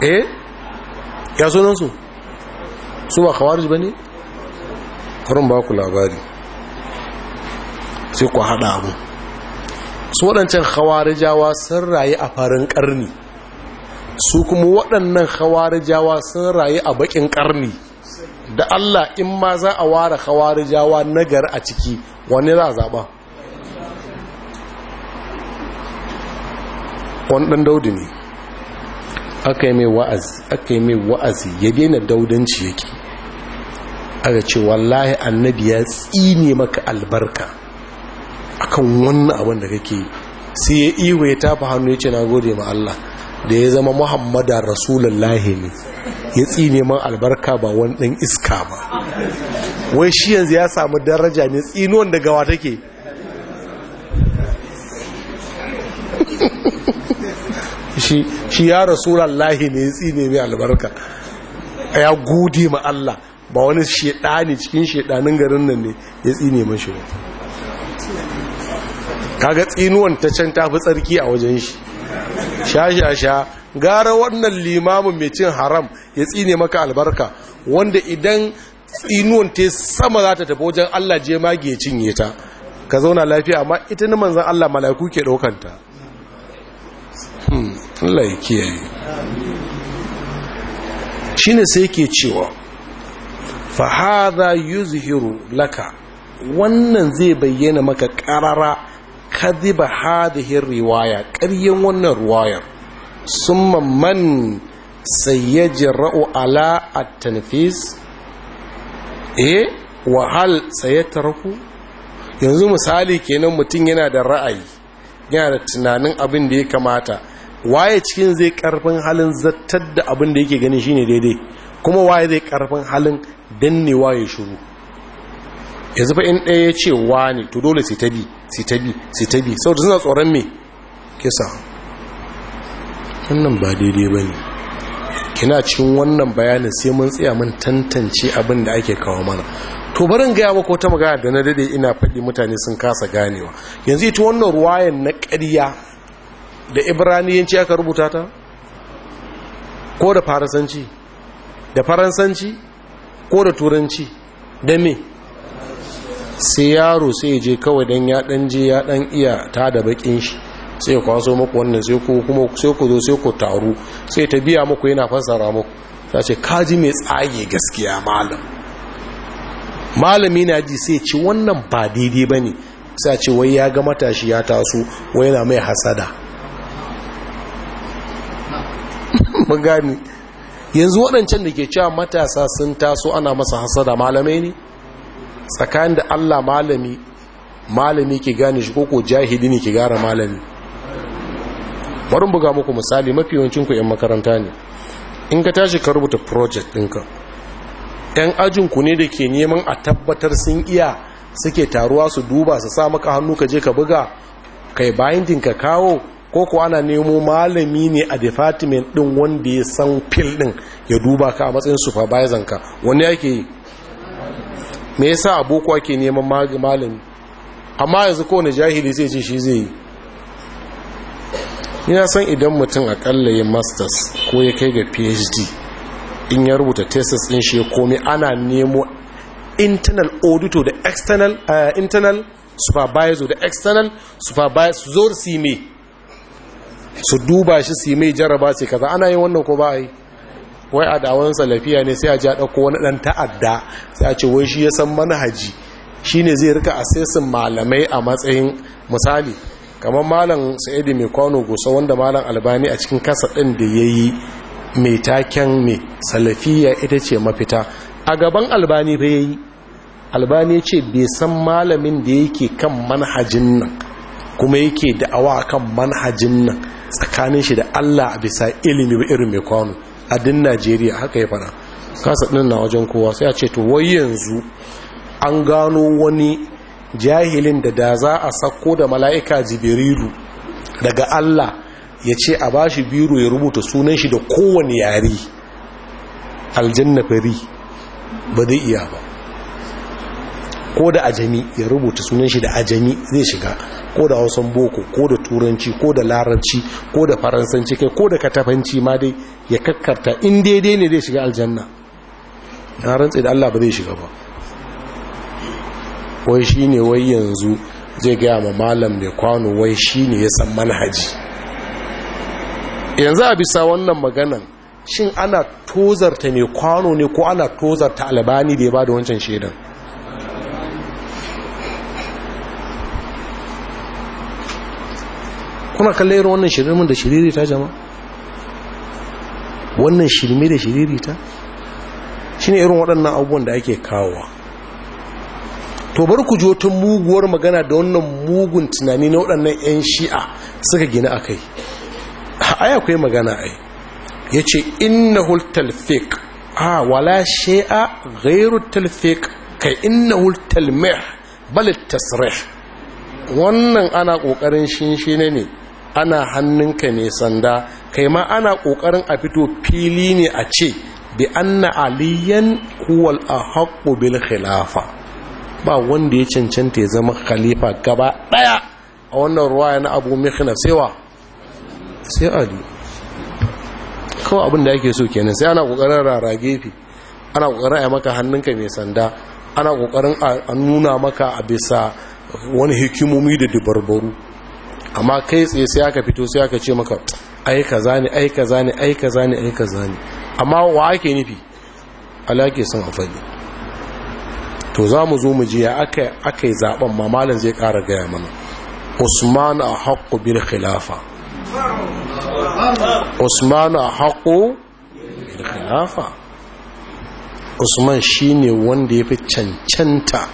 eh ya sunansu su ba khawarij ba ne? Karin ba ku labari sai ku haɗa abu su waɗancan khawarijawa sun rayu a farin ƙarni su kuma waɗannan khawarijawa sun rayu a baƙin ƙarni da Allah in ma za a ware jawa nagar a ciki wani za a zaba wannan daudi ne aka yi mai wa'azi aka yi mai wa'azi ya daina daudanci yake aka ce wallahi annabi ya tsine maka albarka akan wannan abin da kake sai ya iwe ya tafi hannu ya ce na gode ma Allah da ya zama muhammada rasulullahi ne ya tsi neman albarka ba wani ɗan iska ba wai shi yanzu ya samu daraja ne tsinuwan da gawa take shi ya rasulullahi ne ya tsi neman albarka ya gudi ma Allah ba wani ne cikin shedanin garin nan ne ya tsine Ka ga tsinuwan ta can tafi tsarki a wajen shi shashasha gara wannan limamin mai cin haram ya tsine maka albarka wanda idan tsinuwan ta sama za ta tafi wajen allah je magi ya cinye ta ka zauna lafiya amma ita na manzan allah malaku ke ɗaukanta hmm. shine sai ke cewa fahada yuzhiru laka wannan zai bayyana maka ƙarara kadhiba hadhihi riwaya ƙaryen wannan riwayar summa man sayyajra'u ala at-tanfis eh wa hal sayatraku yanzu misali kenan mutum yana da ra'ayi yana da tunanin abin da ya kamata waye cikin zai karfin halin zattar da abin da yake ganin shine daidai kuma waye zai karfin halin dannewa ya shiru yanzu fa in ɗaya ya ce wani to dole sai ta bi sai ta bi sai ta bi saboda suna tsoron me kisa wannan ba daidai ba ne kina cikin wannan bayanin sai mun tsaya mun tantance abin da ake kawo mana to barin gaya ko ta magana da na dade ina faɗi mutane sun kasa ganewa yanzu ita wannan ruwayan na ƙarya da ibraniyanci aka rubuta ta ko da farasanci da faransanci ko da turanci da me sai yaro sai je kawai dan ya dan je ya dan iya ta da bakin shi sai ya kwaso muku wannan sai ku kuma sai ku zo sai ku taru sai ta biya muku yana fassara muku ta ce kaji mai tsage gaskiya malam malami na ji sai ci wannan ba daidai bane sai ce wai ya ga matashi ya taso wai yana mai hasada mun gani yanzu waɗancan da ke cewa matasa sun taso ana masa hasada malamai ne tsakanin da Allah malami malami ke gane shi koko jahili ne ke gara malami barin buga muku misali mafi yawancin ku 'yan makaranta ne in ka tashi ka rubuta project ɗinka 'yan ajinku ne da ke neman a tabbatar sun iya suke taruwa su duba su sa maka hannu ka je ka buga kai binding ka kawo ko ko ana nemo malami ne a department ɗin wanda ya san fil ɗin ya duba ka a matsayin supervisor ka wani yake yi me yasa abokuwa ke neman malami amma yanzu kowane jahili zai ce shi zai yi ina san idan mutum akalla ya masters ko ya kai ga phd in ya rubuta thesis din shi komai ana nemo internal auditor da external uh, internal supervisor da external supervisor zo su me su duba shi su yi mai jaraba sai kaza ana yin wannan ko ba a yi wai a dawon salafiya ne sai a ja ɗauko wani ɗan ta'adda sai a ce wai shi ya san manhaji shi ne zai rika asesin malamai a matsayin misali kamar malam Sa'idu mai kwano gusa wanda malam albani a cikin kasa ɗin da ya yi mai taken mai salafiya ita ce mafita a gaban albani ba ya yi albani ya ce bai san malamin da yake kan manhajin nan kuma yake da'awa kan manhajin nan tsakanin shi da allah bisa ilimi ba irin mai kwano a din najeriya haka ya fara kasa ɗin na wajen kowa sai a ce to wai yanzu an gano wani jahilin da da za a sako da mala'ika jibirilu daga allah ya ce a ba shi biro ya rubuta sunan shi da kowane yare aljannafari ba zai iya ba ko da ajami ya rubuta sunan shi da ajami zai shiga ko da hausan boko ko da turanci ko da larabci ko da faransanci kai ko da katafanci ma dai ya kakkarta in daidai ne zai shiga aljanna na rantsa da Allah ba zai shiga ba wai shi ne wai yanzu zai gaya ma malam mai kwano wai shi ne ya san manhaji yanzu a bisa wannan maganan shin ana tozarta mai kwano ne ko ana tozarta albani da ya ba da wancan shaidan kuna kalle irin wannan shirmin da shiriri ta jama wannan shirme da shiriri shi ne irin waɗannan abubuwan da ake kawowa to bar ku jotun muguwar magana da wannan mugun tunani na waɗannan 'yan shi'a suka gina a kai ai magana ai ya ce innahul talfik a wala shi'a gairu talfik kai inna talmih balit wannan ana ƙoƙarin ne ne ana hannunka mai sanda kai ma ana ƙoƙarin a fito fili ne a ce bi anna aliyan kuwal a bil khilafa ba wanda ya cancanta ya zama khalifa gaba ɗaya a wannan ruwa na abu mikhna sewa sai ali kawai abin da ake so kenan sai ana ƙoƙarin rara gefe ana ƙoƙarin a maka hannunka mai sanda ana ƙoƙarin a nuna maka a bisa wani hikimomi da dabarbaru amma kai tsaye sai aka fito sai aka ce maka ai ka ne ai ka zane ai ka ne ai ka ne amma wa ake nufi alake son a to za mu zo mu ji ya aka aka yi zaben ma malam zai ƙara gaya mana usman a haƙƙo bil khilafa usman a haƙƙo bil khilafa usman shine wanda ya fi cancanta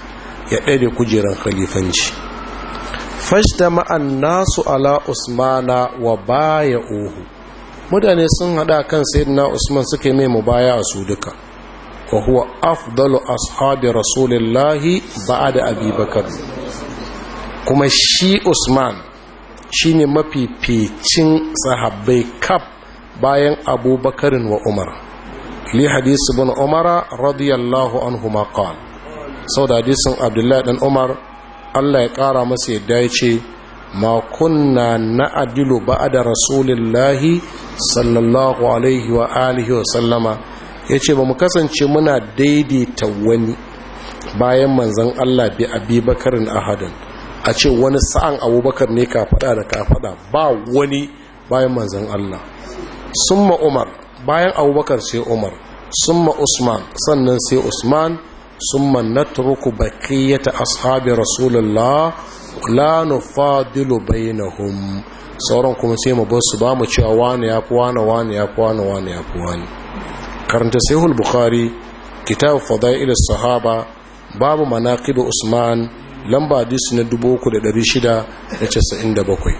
ya ɗaya da kujerar khalifanci fashtama nasu ala usmana wa baya uhu mutane sun hada kan sayyidina usman suke mai mubaya a su duka wa huwa afdalu ashabi rasulillahi ba'da abubakar kuma shi usman shine mafificin sahabbai kaf bayan abubakarin wa umar li hadisi bin umara radiyallahu anhu maqal sau da hadisin abdullahi dan umar Allah ya ƙara masa yadda ya ce ma kunna ba'a da rasulillahi sallallahu alaihi wa alihi wa sallama yace ba mu kasance muna daidaita wani bayan manzan Allah bi abubakarin ahadan a ce wani sa'an abubakar ne ka fada da ka fada ba wani bayan manzan Allah sun umar bayan abubakar sai umar summa usman sannan sai usman summa natruku baqiyata ashabi rasulullah la nufadilu bainahum sauran kuma sai mu basu ba mu cewa wani ya fi wani wani ya fi wani wani ya fi wani karanta sahihul bukhari kitab fadail sahaba babu manaqib usman lamba hadisi na 3697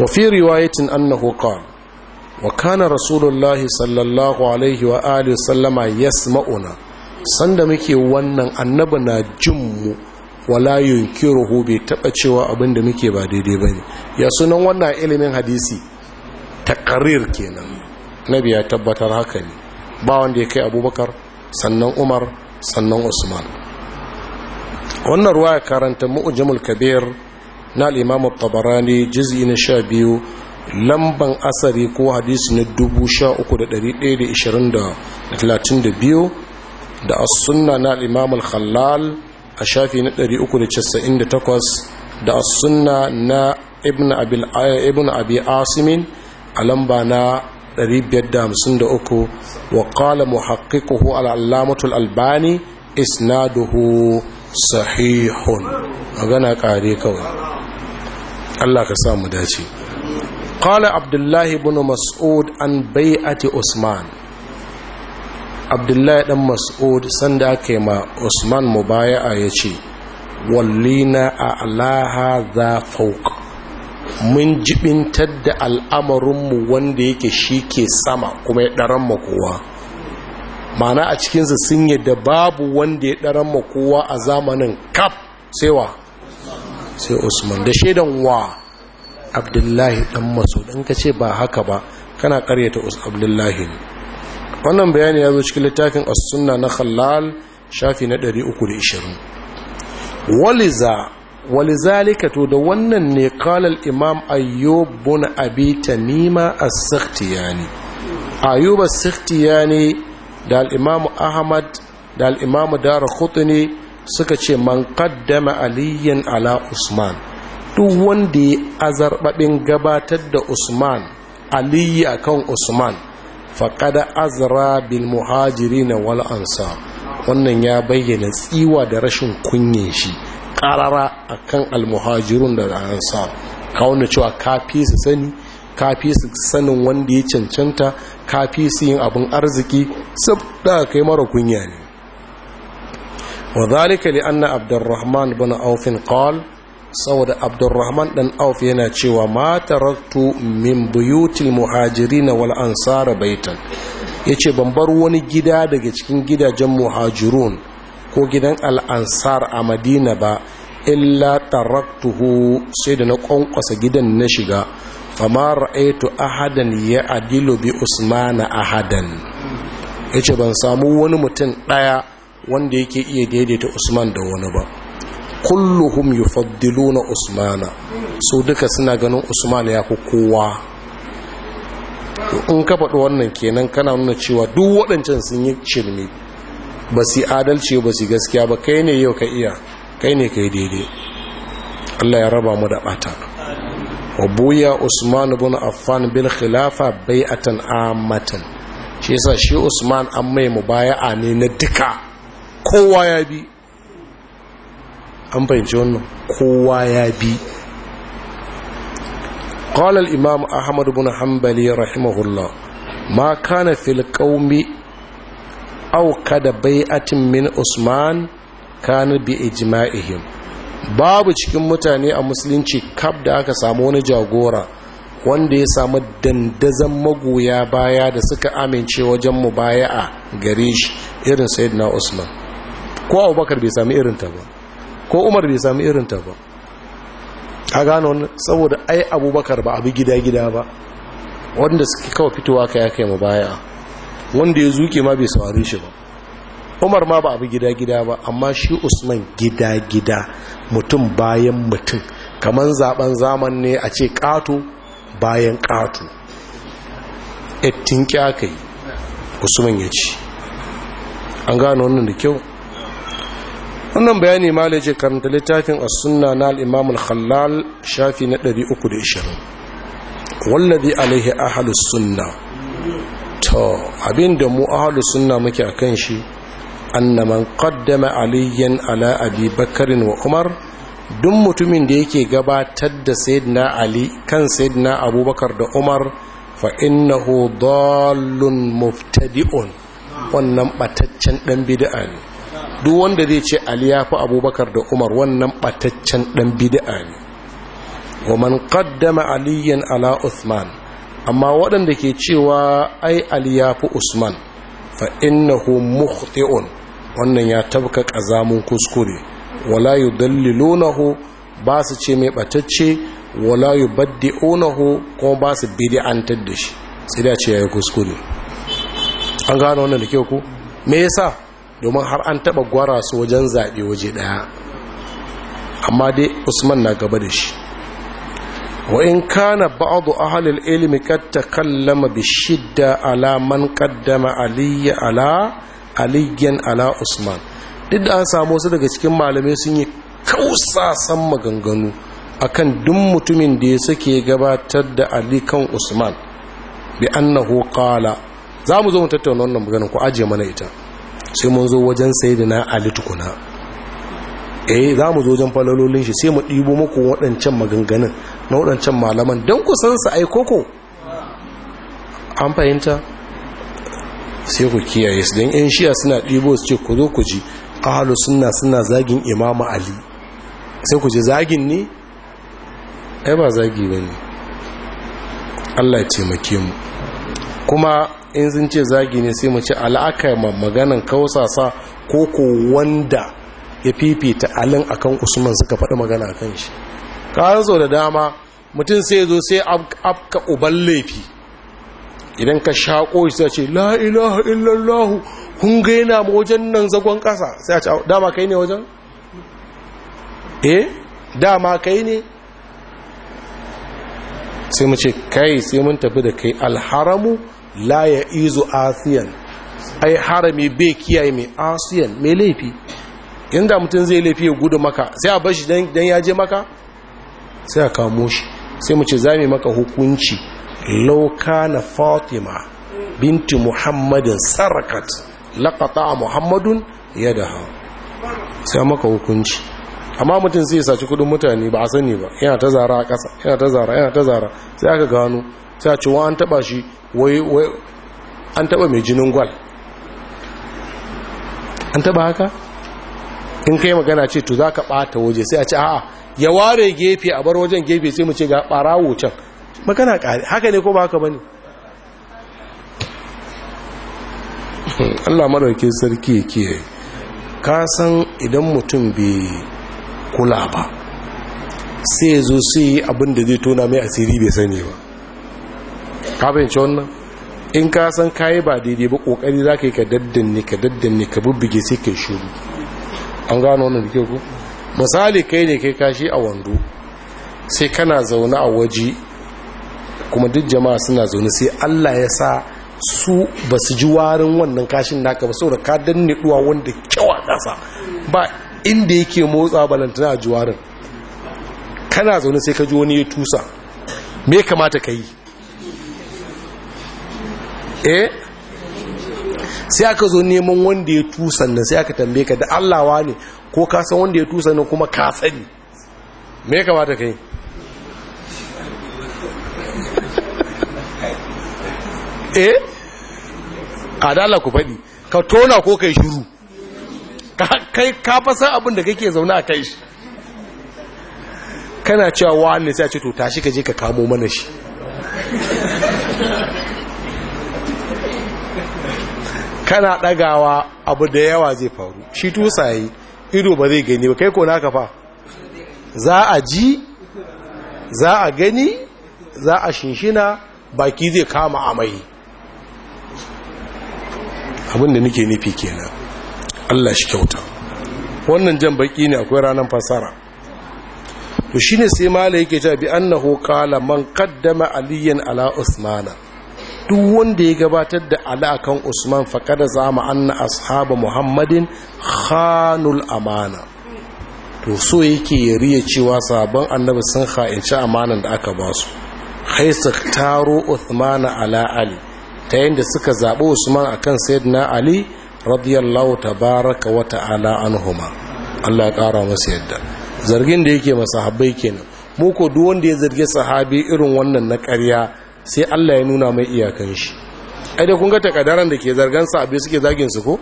wa fi riwayatin annahu qala wa kana rasulullahi sallallahu alaihi wa alihi sallama yasma'una sanda muke wannan annaba na jin mu wala yunkiruhu bai taba cewa abinda muke ba daidai ba ne, ya sunan wannan ilimin hadisi taqrir kenan nabi ya tabbatar haka ne ba wanda ya kai abubakar sannan umar sannan usman wannan ruwa ya karanta mu'jamul kabir na Limamin tabarani jizi na biyu lamban asari ko hadisi na dubu sha uku da da da da biyu. da as-sunna na al-imam al-khallal a shafi na 398 da as-sunna na ibn abil ibn abi asim a lamba na 553 wa qala muhaqqiquhu al-allamatu al-albani isnaduhu sahihun magana kare kawai Allah ka sa mu dace qala abdullahi ibn mas'ud an bai'ati usman abdullahi dan mas'ud sanda aka ma usman mubaya'a ya ce wallina a alaha za fauk mun jibintar da al'amarinmu wanda yake shi ke sama kuma ya ɗaran makowa mana a cikinsa sun yadda babu wanda ya ɗaran makowa a zamanin kaf sai sai usman da shaidan wa abdullahi dan mas'ud ɗan ka ce ba haka ba kana ƙaryata abdullahi ne wannan bayani ya zo cikin littafin as-sunna na khallal shafi na 320 waliza walizalika to da wannan ne kalal imam ayyub bin abi tamima as-sakhtiyani ayyub as-sakhtiyani da al-imam ahmad da al-imam darqutni suka ce man qaddama aliyan ala usman duk wanda ya azarbabin gabatar da usman aliyi akan usman faƙada azra bil muhajirin wal ansar wannan ya bayyana tsiwa da rashin kunye shi ƙarara a kan almuhajirun da ansa kawunan cewa kafi su sani kafi su sanin wanda ya cancanta kafi su yin abin arziki sab da kai mara kunya ne wa zalika li anna abdurrahman ibn aufin qala saboda abdurrahman dan auf yana cewa ma taraktu min buyutil muhajirin wal ansar baitan yace ban bar wani gida daga cikin gidajen muhajirun ko gidan al ansar a madina ba illa taraktuhu sai da na kwankwasa gidan na shiga fama Aitu, ahadan ya adilu bi usmana ahadan yace ban samu wani mutum daya wanda yake iya daidaita usman da wani ba kulluhum yufaddiluna usmana su duka suna ganin usman ya fi kowa in ka faɗi wannan kenan kana nuna cewa duk waɗancan sun yi cilmi ba su adalci ba su gaskiya ba kai ne yau ka iya kai ne ka yi daidai Allah ya raba mu da ɓata wabuya usman bin affan bil khilafa bai'atan matan shi yasa shi usman an mai mubaya'a ne na duka kowa ya bi an fahimci wannan kowa ya bi قال الإمام أحمد بن حنبل رحمه الله ما كان في القوم أو كد بيعة من عثمان كان بإجمائهم babu cikin mutane a musulunci kab da aka samu wani jagora wanda ya samu dandazan magoya baya da suka amince wajen mubaya'a gare shi irin sayyidina usman ko abubakar bai sami irinta ba ko umar bai sami ta ba a gano saboda ai abubakar ba abu gida-gida ba wanda suke kawo fitowa ka ya kai baya wanda ya zuke ma bai saurari shi ba umar ma ba abu gida-gida ba amma shi usman gida-gida mutum bayan mutum kamar zaben zaman ne a ce ƙato bayan ƙato ettin ƙyakai usman ya ci an gano wannan da kyau wannan bayani ma laje karanta littafin as-sunna na al-imam al-khallal shafi na 320 wallazi alaihi ahlus sunna to abinda mu ahlus sunna muke akan shi anna man qaddama aliyan ala abi bakarin wa umar duk mutumin da yake gabatar da sayyidina ali kan sayyidina abubakar da umar fa innahu dallun muftadi'un wannan bataccen dan bid'a ne duk wanda zai ce ali ya fi abubakar da umar wannan ɓataccen ɗan bid'a ne wa man qaddama aliyan ala Usman? amma waɗanda ke cewa ai ali ya fi usman fa innahu mukhti'un wannan ya tabka ƙazamun kuskure wala yudallilunahu ba su ce mai ɓatacce wala yubaddi'unahu kuma ba su bid'antar da shi sai da ce yayi kuskure an gano wannan da kyau ko, me yasa domin har an taba gwara su wajen zaɓe waje ɗaya amma dai usman na gaba da shi wa in kana ba'adu ahlil ilmi kad kallama bi shidda ala man qaddama aliyya ala aliyyan ala usman duk da an samu wasu daga cikin malamai sun yi kausasan maganganu akan duk mutumin da ya sake gabatar da ali kan usman bi annahu qala za mu zo mu tattauna wannan maganar ku ajiye mana ita sai mun zo wajen na ali tukuna eh za mu zo wajen falalolin shi sai mu ɗibo muku waɗancan maganganun na waɗancan malaman dan ku san su ai koko an fahimta sai ku kiyaye su dan yan shiya suna ɗibo su ce ku zo ku ji ahlu suna suna zagin imamu ali sai ku ji zagin ne ai ba zagi ba allah ya taimake mu kuma in sun ce zagi ne sai mu ce ma maganan kausasa ko ko wanda ya fifita alin akan usman suka faɗi magana kan shi kawai zo da dama mutum sai zo sai afka uban laifi idan ka shaƙo shi sai ce la ilaha kun gaina wajen nan zagon ƙasa sai a ce dama kai ne wajen eh dama kai ne sai mu ce kai sai mun tafi da kai alharamu la ya izu asiyan ai harami bai kiyaye mai asiyan mai laifi inda mutum zai laifi ya gudu maka sai a bashi don ya je maka sai a kamo shi sai mu ce za mu maka hukunci lauka na fatima binti muhammadin sarakat lakata a muhammadun ya da hau sai maka hukunci amma mutum sai saci kudin mutane ba a sani ba yana ta zara a ƙasa yana ta zara yana ta zara sai aka gano sai a ce an taba shi wai an taba mai jinin gwal an taba haka in kai magana ce to za ka bata waje sai a ce a'a ya ware gefe a bar wajen gefe sai mu ce ga bara can magana kare haka ne ko ba haka ba allah maraukin sarki ya ka san idan mutum bai kula ba sai ya zo sai yi abin da zai tona mai asiri bai sani ba ka fahimci wannan in ka san kayi ba daidai ba kokari za ka yi ka daddanne ka daddanne ka bubbige sai ka shiru an gano wannan da ku misali kai ne kai kashi a wando sai kana zaune a waje kuma duk jama'a suna zaune sai allah ya sa su ba su ji warin wannan kashin naka ba saboda ka danne duwa wanda kyawa kasa ba inda yake motsa balantana a ji warin. kana zaune sai ka ji wani ya tusa me kamata ka yi eh sai aka zo neman wanda ya tusan nan sai aka tambaye ka da allawa ne ko ka san wanda ya tusan nan kuma ka sani me kamata kai eh adala ku faɗi ka tona ko kai shiru kai ka fasa abin da kake zaune a kai shi kana cewa wani sai a ce to tashi ka je ka kamo mana shi kana ɗagawa abu da yawa zai faru shi tusaye ido ba zai gani ba kai ko naka fa za a ji za a gani za a shinshina baki zai kama amai da nake nufi kenan Allah shi kyauta wannan jan baki ne akwai ranar fasara to shine sai malai yake ta bi annahu qala man qaddama aliyan ala usmana duk wanda ya gabatar da ala kan usman faƙada zama anna ashaba muhammadin khanul amana to so yake ya cewa sabon annabi sun ha'inci amanan da aka ba su haisu taro Usman ala ali ta yadda suka zaɓi usman akan sayyidina ali radiyallahu tabaraka wa ta'ala anhuma Allah ya ƙara masa yadda zargin da yake masa sahabai kenan mu ko duk ya zargi sahabi irin wannan na ƙarya sai Allah ya nuna mai iyakan shi ai da kun ga takadaran da ke zargan sa abin suke zagin su ko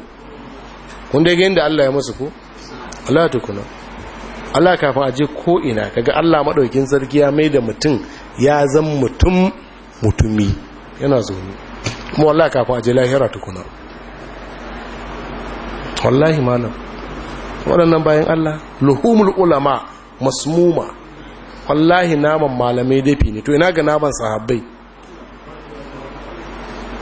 kun da ga inda Allah ya musu ko Allah tukuna Allah kafin a je ko ina kaga Allah madaukin sarki ya mai da mutum ya zan mutum mutumi yana zo kuma Allah kafin a je lahira tukuna wallahi malam waɗannan bayan Allah luhumul ulama masmuma wallahi naman malamai dafi ne to ina ga naman sahabbai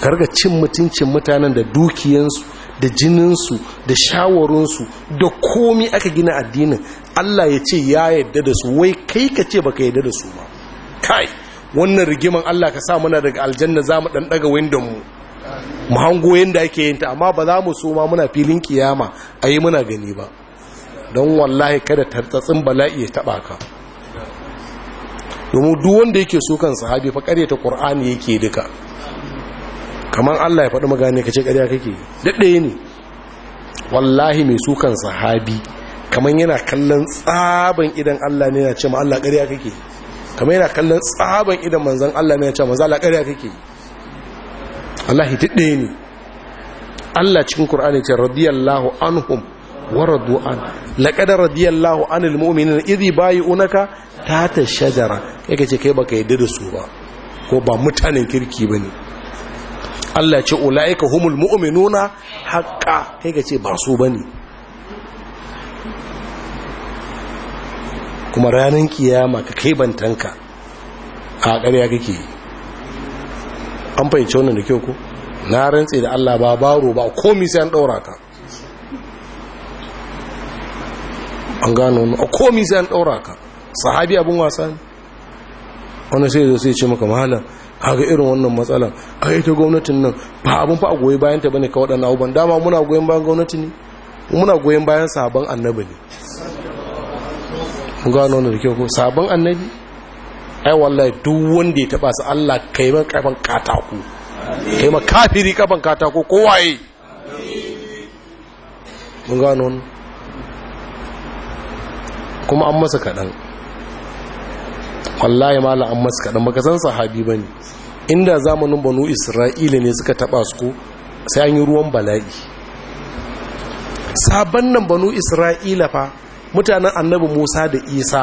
karga cin mutuncin mutanen da dukiyansu da jininsu da shawarunsu da komi aka gina addinin Allah ya ce ya yadda da su wai kai ka ce baka yadda da su ba kai wannan rigiman Allah ka sa muna daga aljanna za mu dan daga windon mu mu hango yadda ake yin ta amma ba za mu so ma muna filin kiyama a yi muna gani ba don wallahi kada tartatsin bala'i ya taba ka domin duk wanda yake so kan sahabi fa ta qur'ani yake duka kamar Allah ya faɗi magani ka ce ƙarya kake daɗe ne wallahi mai sukan sahabi kamar yana kallon tsaban idan Allah ne ya ce ma Allah ƙarya kake kamar yana kallon tsaban idan manzan Allah ne ya ce manzan Allah ƙarya kake wallahi daɗe ne Allah cikin Kur'ani ce radiyallahu anhum wa radu an laqad radiyallahu anil mu'minina idhi ta tata shajara kai ce kai baka yarda da su ba ko ba mutanen kirki bane Allah ya ce ulaika humul mu'minuna haqqan kai ka ce ba su bane kuma ranar kiyama ka kai bantanka a ƙarya kake an fahimci wannan da kyau ko na rantse da Allah ba baro ba komi sai an ɗaura ka an gano a komi sai an ɗaura ka sahabi abin wasa ne wani sai zai sai ce maka mahalar kaga irin wannan matsalan ai ta gwamnatin nan ba abun fa a goyi bayan ta bane ka waɗannan abubuwan dama muna goyon bayan gwamnati ne muna goyon bayan sabon annabi ne mun gano wanda da kyau ko sabon annabi ai wallahi duk wanda ya taba su Allah kai man kafan katako kai man kafiri kafin katako ko waye mun gano wannan kuma an masa kaɗan wallahi mala an masu kaɗan baka san sahabi ba ne inda zamanin banu isra'ila ne suka taɓa su ko sai an yi ruwan bala'i sabon nan banu isra'ila fa mutanen annabi musa da isa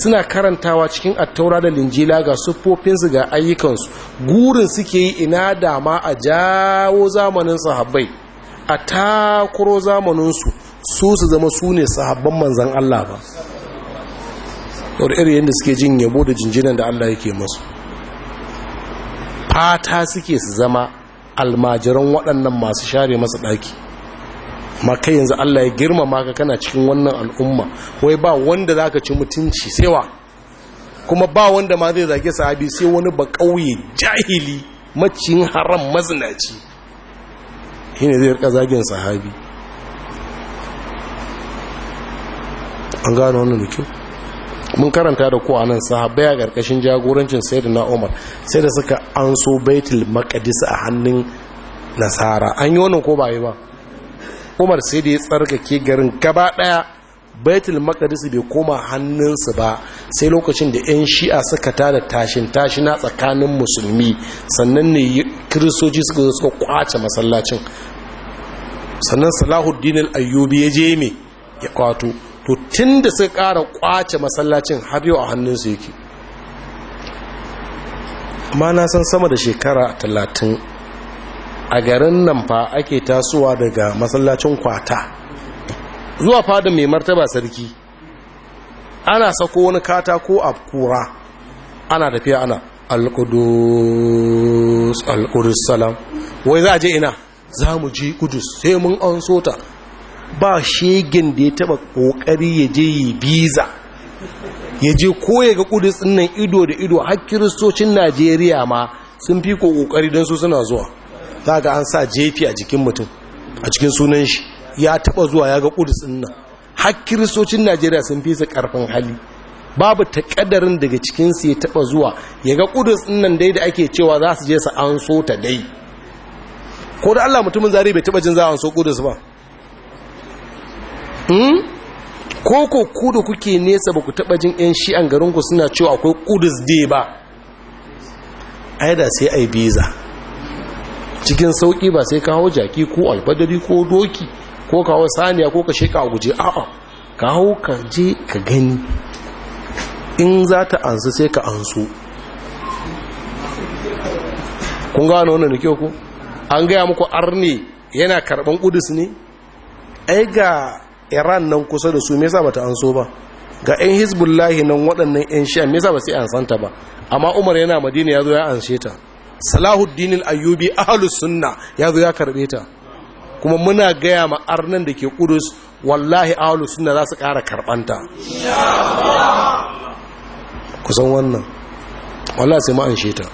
suna karantawa cikin attaura da linjila ga siffofinsu ga ayyukansu gurin suke yi ina dama a jawo zamanin sahabbai a takuro zamaninsu su su zama su ne sahabban manzan allah ba saboda irin yadda suke jin yabo da jinjinan da Allah yake masu fata suke su zama almajiran waɗannan masu share masa ɗaki ma kai yanzu Allah ya girmama ka kana cikin wannan al'umma wai ba wanda za ka ci mutunci sewa kuma ba wanda ma zai zage sahabi sai wani ba ƙauye jahili macin haram mazinaci shi ne zai rika zagen sahabi an gano wannan da kyau mun karanta da kuwa nan sahabbai a ƙarƙashin jagorancin sai da na umar sai da suka an so baitul makadis a hannun nasara an yi wannan ko ba yi ba umar sai da ya tsarkake garin gaba ɗaya baitul makadis bai koma hannunsu ba sai lokacin da 'yan shi'a suka tada tashin tashina tsakanin musulmi sannan ne kiristoci suka zo suka kwace masallacin sannan salahuddin al-ayyubi ya je mai ya kwato to tun da suka ƙara kwace masallacin har yau a hannunsu yake Ma na san sama da shekara talatin a garin nan fa ake tasowa daga masallacin kwata zuwa fadin mai martaba sarki ana sako wani katako a kura ana tafiya ana alkudus alkudus salam wai za a je ina za mu ji kudus sai mun an sota ba shegen da ya taba kokari ya je yi biza ya je koya ga kudus tsinnan ido da ido har kiristocin najeriya ma sun fi ko kokari don su suna zuwa za ga an sa jefi a jikin mutum a cikin sunan shi ya taba zuwa ya ga kudus tsinnan har kiristocin najeriya sun fi su karfin hali babu takadarin daga cikinsu ya taba zuwa ya ga kudus tsinnan dai da ake cewa za su je su an so ta dai ko da allah mutumin zari bai taba jin za a an so su ba Hmm? ko ko ku da kuke nesa ba ku taɓa jin 'yan garin ku suna cewa akwai kudus de ba ai da sai ai biza cikin sauki ba sai kawo jaki ko albadari ko doki ko kawo saniya ko ka sheka a guje a'a kawo ka je ka gani in za ta ansu sai ka ansu kun gano wannan da ku an gaya muku Arne yana karban kudus ne ai ga iran nan kusa da su me yasa bata anso ba ga 'yan hizbullahi nan waɗannan 'yan sha me yasa ba sai an santa ba amma umar yana madina ya zo ya anshe ta salahuddin al-ayyubi ahlus sunna ya zo ya karbe ta kuma muna gaya ma arnan da ke kudus wallahi ahlus sunna za su ƙara karbanta kusan wannan wallahi sai ma anshe ta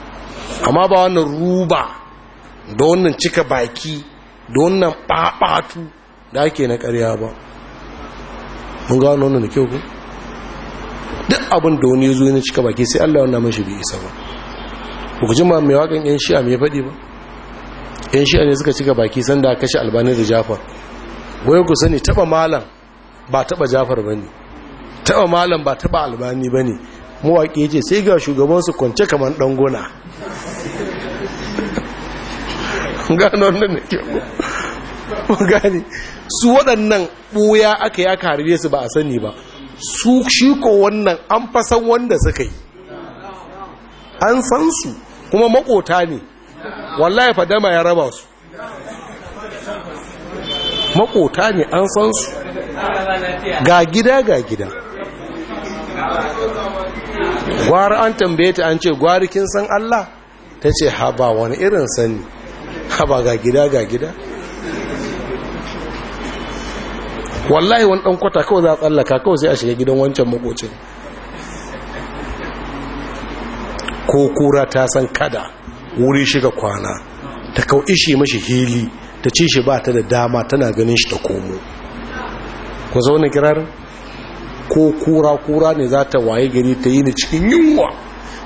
amma ba wannan ruba da wannan cika baki da wannan ɓaɓatu da ake na ƙarya ba mun gano wannan da kyau ku duk abin da wani ya zo cika baki sai Allah wannan mashi bi isa ba ku ji ma mai wakan yan shi'a mai faɗi ba yan shi'a ne suka cika baki sanda da kashe albani da jafar wai ku sani taɓa malam ba taɓa jafar ba ne taɓa malam ba taɓa albani ba ne mawaƙi ce sai ga shugaban su kwance kamar ɗangona gano wannan da kyau gane su waɗannan ɓuya aka yi aka harbe su ba a sani ba su ko wannan an fasan wanda suka yi an san su kuma makota ne wallahi fadama ya raba su makota ne an san su ga gida ga gida gwara an tambaye ta an ce gwari kin san Allah ta ce haba wani irin sani haba ga gida ga gida wallahi wani ɗan kwata kawai za a tsallaka kawai sai a shiga gidan wancan makocin ko kura ta san kada wuri shiga kwana ta kau ishe mashi hili ta ce shi ba ta da dama tana ganin shi ta komo ku zaune kirar ko kura-kura ne za ta waye gari ta yi ni cikin yunwa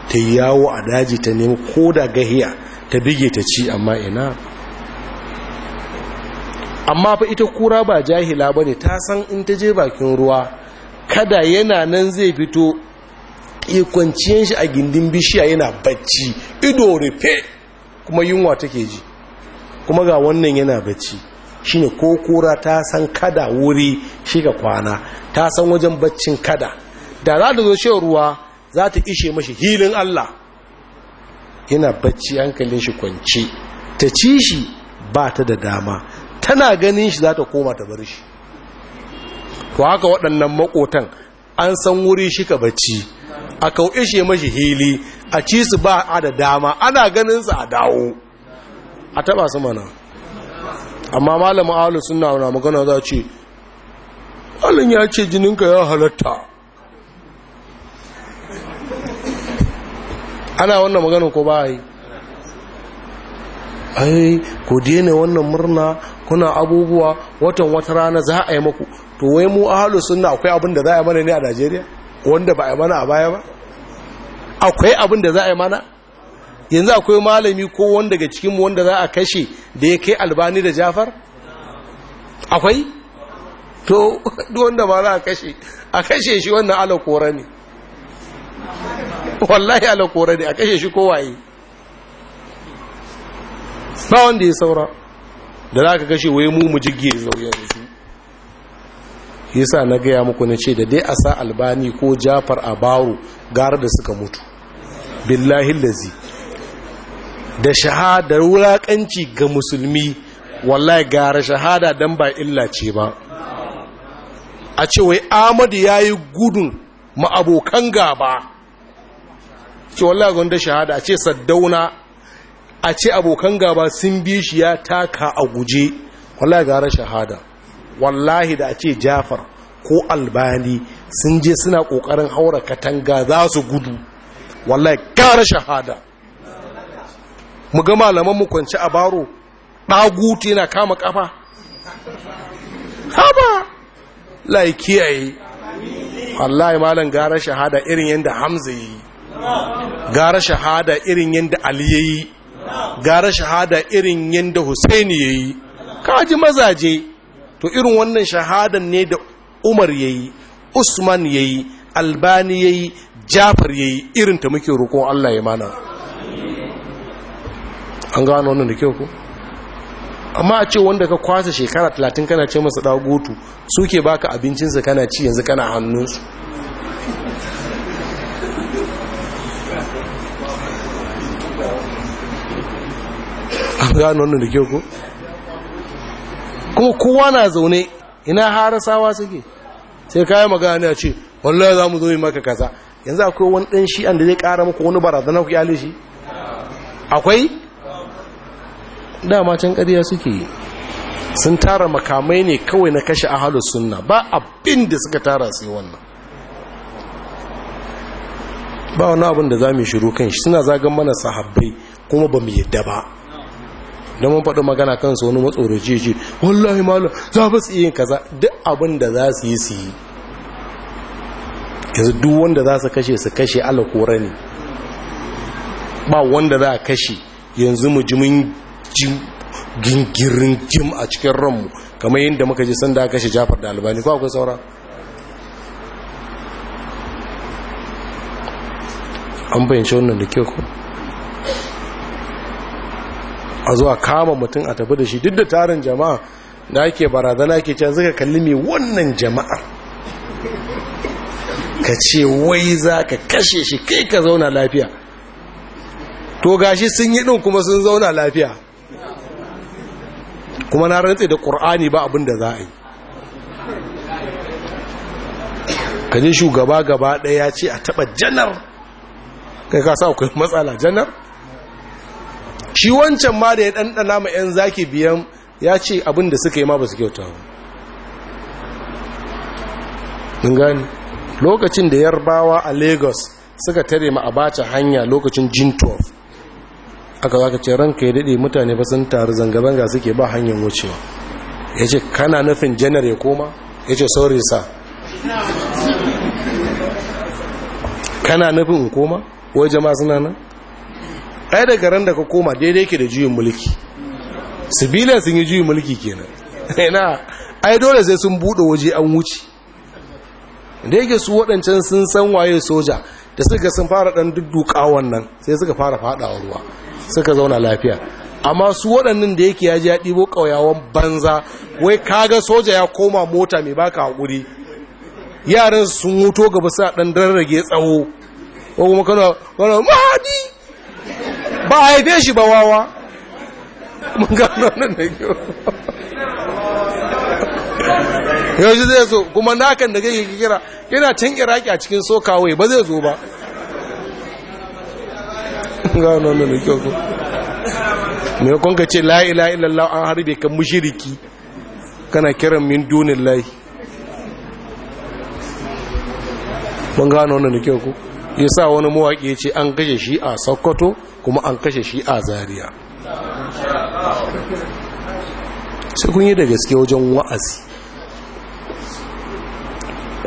ta yawo a daji ta nemi ko da gahiya ta bige ta ci amma ina amma fa ita kura ba jahila ba ne ta san in ta je bakin ruwa kada yana nan zai fito kwanciyar shi a gindin bishiya yana bacci ido rufe kuma yunwa take ji kuma ga wannan yana bacci shine ko kura ta san kada wuri shi ga kwana ta san wajen baccin kada da za ta zo shan ruwa za ta ishe mashi hilin Allah yana bacci hankalin shi kwanci ta ci shi ba ta da dama tana ganin shi za ta koma ta bar shi to haka waɗannan makotan an san wuri shi ka bacci a kauɗe shi mashi hili a ci su ba a da dama ana ganin su a dawo a taɓa su mana amma malamin Alu suna na magana za ce alin ya ce jininka ya halatta ana wannan maganin ko ba yi ai ku daina wannan murna kuna abubuwa watan wata rana za a yi maku to wai mu ahalu suna akwai abin da za a yi mana ne a Najeriya wanda ba a yi mana a baya ba akwai abin da za a yi mana yanzu akwai malami ko wanda daga cikin wanda za a kashe da ya kai albani da jafar akwai to wanda ba za a kashe a kashe shi wannan alakora ne wallahi alakora ne a kashe shi kowaye ba wanda ya saura da za ka kashe wai mu mu jigge zauya da su yasa na gaya muku na ce da dai a sa albani ko jafar a baro gara da suka mutu billahi lazi da shahada wulakanci ga musulmi wallahi gara shahada dan ba illa ce ba a ce wai amadu ya yi gudun ma'abokan gaba ce wallahi gwanda shahada a ce saddauna a ce abokan gaba sun bi shi ya taka a guje wallahi gara shahada wallahi da a ce jafar ko albani sun je suna kokarin haura katanga za su gudu wallahi gara shahada mu ga malaman mu kwanci a baro ɗaguti yana kama kafa haba lai kiyaye wallahi malam gara shahada irin yadda hamza yi gara shahada irin yadda ali yayi gara shahada irin yadda Hussein ya yi kaji mazaje to irin wannan shahadan ne da Umar ya yi Usman ya yi Albani ya yi Jafar ya yi irin ta muke roƙon Allah ya mana an gano wannan da kyau ku amma a ce wanda ka kwasa shekara talatin kana ce masa dagotu suke baka abincinsa kana ci yanzu kana hannunsu gano wannan da ke ku kuma kowa na zaune ina harasawa suke sai kayan magana a ce wallahi za mu zo yi maka kasa. yanzu akwai wani ɗan shi'an da zai ƙara muku wani barazana ku yale shi akwai dama can ƙarya suke yi sun tara makamai ne kawai na kashe ahalus sunna ba abin da suka tara yi wannan ba wani abin da za mu shiru kan shi suna zagan mana sahabbai kuma ba mu yadda ba don mun faɗi magana su wani matsoro ce wallahi malam za ba su yin kaza duk abin da za su yi su yi yanzu duk wanda za su kashe su kashe ala kora ne ba wanda za a kashe yanzu mu ji mun gingirin jim a cikin ranmu kamar yadda muka ji sanda kashe jafar da albani ko akwai saura an bayyance wannan da kyau ko a zuwa kama mutum a tafi da shi duk da tarin jama'a da ake barazana ke can zai kalli mai wannan jama'ar ka ce wai za ka kashe shi kai ka zauna lafiya to gashi sun yi ɗin kuma sun zauna lafiya kuma na rantse da ƙur'ani ba abin da za a yi kaji shugaba gaba ɗaya ce a taɓa janar kai ka sa akwai matsala janar shi wancan ma da ya ɗanɗana ma 'yan zaki biyan ya ce abin da suka yi ma ba su kyauta ba gani lokacin da yarbawa a lagos suka tare ma a bata hanya lokacin jin 12 aka zaka ce ranka ya daɗe mutane ba sun taru zanga-zanga suke ba hanyar wucewa ya ce kana nufin janar ya koma ya ce sauri sa kana nufin koma wajen masu suna nan ai daga ran da ka koma daidai ke da juyin mulki sibiliya sun yi juyin mulki kenan na ai dole sai sun buɗe waje an wuce da yake su waɗancan sun san waye soja da suka sun fara ɗan dudduka wannan sai suka fara faɗawa ruwa suka zauna lafiya amma su waɗannan da yake ya ji ya ɗibo ƙauyawan banza wai kaga soja ya koma mota mai baka haƙuri yaran sun wuto gaba sa ɗan rage tsawo ko kuma kano mahadi ba a haife shi ba wawa mun gano nan da kyau yau shi zai so kuma nakan da kake kira yana can iraki a cikin sokawai ba zai zo ba gano nan da kyau ko mai kwanka ce la'ila ilallah an harbe kan mushiriki kana kiran min dunin layi mun gano nan da kyau ko ya sa wani mawaƙi ya ce an gaje shi a sokoto kuma an kashe shi a zariya sai kun yi da gaske wajen wa'azi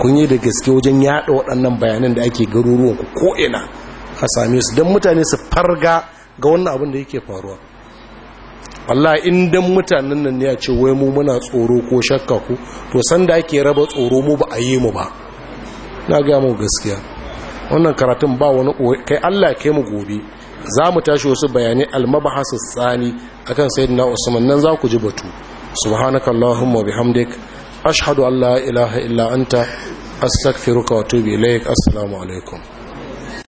kun yi da gaske wajen yada waɗannan bayanan da ake garuruwan ku ko'ina a same su don mutane su farga ga wannan abin da yake faruwa wallah in dan mutanen nan ya ce wai mu muna tsoro ko shakka ku to sanda ake raba tsoro mu ba a yi mu ba na ga mu gaskiya wannan karatun ba wani kai Allah ya kai mu gobe za mu tashi wasu bayanai almabahasu tsani akan sayyidina usman nan za ku ji batu subhanakallahu allahumma bihamdik ashhadu Allah ilaha illa anta astaghfiruka wa atubu ilaik assalamu alaikum